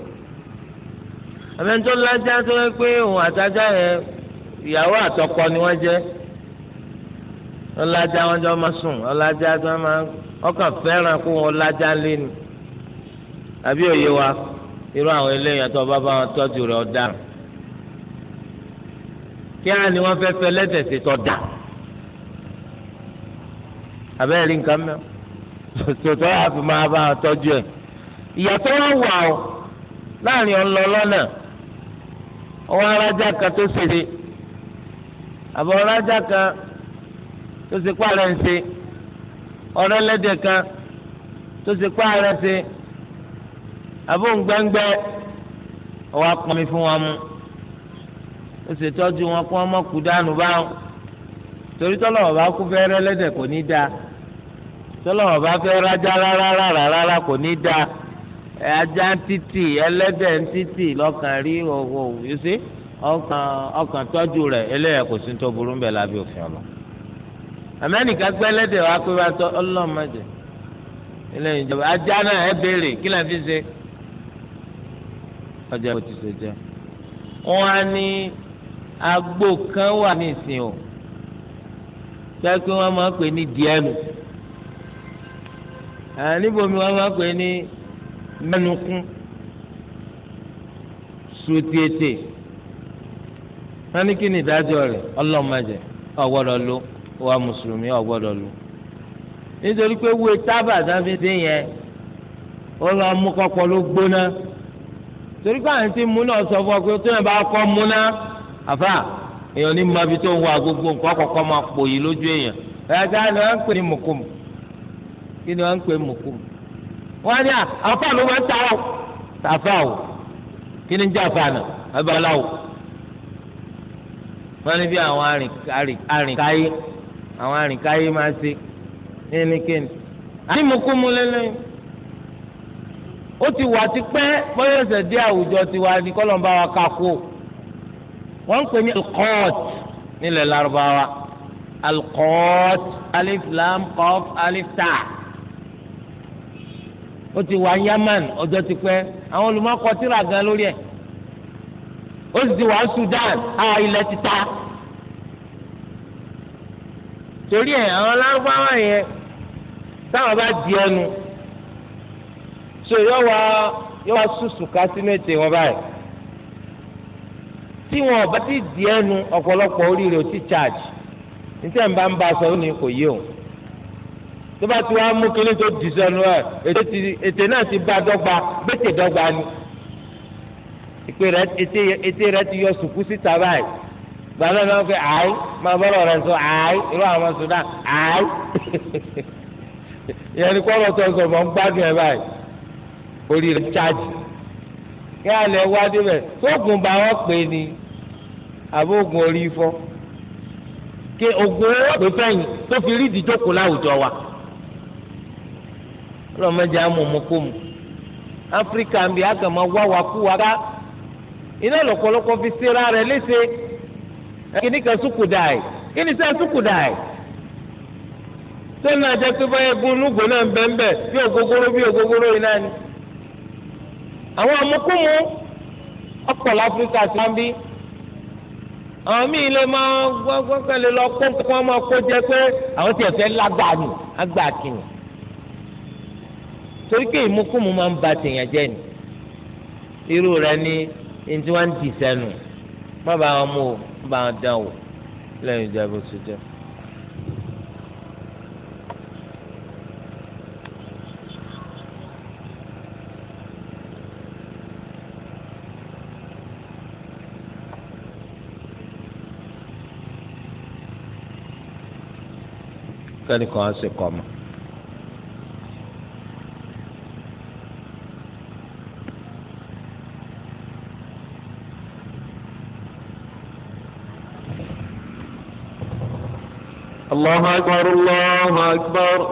àmẹ́ńtọ́ lájá tó yẹ pé òun àtajá yẹn ìyàwó àtọkọ ni wọ́n jẹ́ ọlájá wọn jọ máa sùn ọlájá tó máa ọkàn fẹ́ràn kó wọn ọlájá lé ni àbí òye wa irú àwọn eléyìí àti ọba bá wọn tọ́jú rẹ̀ ọ̀dà kí á ní wọ́n fẹ́ fẹ́ lẹ́tẹ̀ẹ̀sì tọ́ da àbẹ́rẹ́ rí nǹkan mẹ́wàá tòtò yà fi máa bá wọn tọ́jú ẹ̀ ìyàtọ̀ wọn wà ó láàrin ọlọ lọ́nà ọwọ́ arájà kan tó ṣèṣe àbọ̀ arájà kan tó ṣe pààrọ̀ ń ṣe ọ̀rọ̀ ẹlẹ́dẹ̀ kan tó ṣe pààrọ̀ ṣe àbọ̀ ńgbẹ́ngbẹ́ ọwọ́ apọ̀nmi fún wọn mú ó ṣe tọ́jú wọn kó wọn mọ̀ kú dànù báwọn torí tọ́lọ̀ ọ̀bá kú fẹ́rẹ́ ẹlẹ́dẹ̀ kò ní dáa tọ́lọ́wọ́ bá fẹ́ rájá rárá rárá rárá kò ní da ajá títì ẹlẹ́dẹ̀ títì lọ́kàn rí ọ̀wọ̀ yìí ọkàn ọkàn tọ́jú rẹ̀ eléyà kò sí tó burú bẹ́ẹ̀ lábẹ́ òfin ọ̀lọ́ amẹ́nìkà gbẹ́ ẹlẹ́dẹ̀ wá pé wá tọ́ ọlọ́mọdé eléyìí jọba ajá náà ẹ béèrè kí lẹ́ẹ̀ fi ṣe ọjà kò ti ṣe jẹ́ wọ́n á ní agbo kan wà ní ìsìn o pé kí wọ́n máa pè ní díẹ̀mù. níbomi wọn máa pè ní mẹnukú sutiete wọn ní kí ni rẹ̀ ọlọmọdé ọgbọ́dọ̀ wa mùsùlùmí ọgbọ́dọ̀ lu, nítorí pé wo tábà yẹn ó lọ mú kọkọ ló gbóná torí pé àwọn mú náà sọ fún ọ pé tó yẹn bá kọ mú náà àfà èèyàn ní ń wá kọkọ máa lójú èèyàn ń pè kí ni wọ́n ń pè mùkù wọ́n ní àfa ló máa ń ta ọ́ tàfa o kí ni ń jẹ́ àfa náà babaláwo wọ́n ní bí àwọn arìnkáyé àwọn arìnkáyé máa ń ṣe ẹnikẹ́ni àní mùkù mu lélẹ́yìn ó ti wà ti pẹ́ bóyá ẹsẹ̀ dé àwùjọ ti wà ní kọ́lọ́mbà wa kakó wọ́n ń pè ní alkọ́ọ̀t nílẹ̀ lárúbáwá alkọ́ọ̀t alif lam kọ́f alif taa ó ti wà Yaman ọjọ́ ti pẹ́ àwọn olùmọ̀kọ tírà gan lórí ẹ̀ ó sì ti wà Sudan a ilẹ̀ ti ta torí ẹ̀ àwọn lárúbáwá yẹn táwọn bá di ẹnu so yọ wá yọ wá sùsù ká sínú ètè wọn báyìí tí wọn ọba ti di ẹnu ọ̀pọ̀lọpọ̀ oríire ò ti charge ní tẹ̀ ń bá ń bá a sọ ó ní kò yé o tó bá ti wá mú kínní tó di sọnù ẹ ètè náà ti bá dọ́gba bẹ́tẹ̀ dọ́gba ni ètè rẹ ti yọ sùkú síta báyìí gbàdúrà náà fẹ àì máa bọ́lọ̀ rẹ sọ àì irú àwọn Sudan àì ìyẹn ni kọ́lọ̀ tó sọ fún gbádùn ẹ báyìí orí rẹ chájì kí alẹ́ wá débẹ̀ tóògùn bá wọn pè ní àbóògùn orí ifọ́ kí ogun wọn pè fẹ́yìn tó fi rí ìdíjókòó láwùjọ wa ọlọ́mọdé amòmókòmù áfíríkà ń bi àgàmọ́ wáwakúwa ká iná lọ́kọ́lọ́kọ́ fi síra rẹ̀ léṣe kíní kan sùkùdàì kíní sẹ́ sùkùdàì sẹ́nu àjẹ́ pé báyẹn gún lúgò náà bẹ́ẹ̀nbẹ́ bí ògógóró bí ògógóró yìí náà ni. àwọn amókòmù ọ̀pọ̀ láfíríkà sí wọn bí àwọn míì lè máa gbọ́ngàn lè lọ kó nǹkan máa kó jẹ pé àwọn tiẹ̀ fẹ́ lágbàá ni àgbà kìnnì torí pé ìmúkùmù máa ń ba tèèyàn jẹ́ ni irú rẹ̀ ní ní tí wọ́n ń dì sẹ́nu má bàa wọn mú o má bàa wọn dán o lẹ́yìn ìjà bó ṣe jẹ́. kẹ́nìkan á sì kọ́ ọ الله أكبر الله أكبر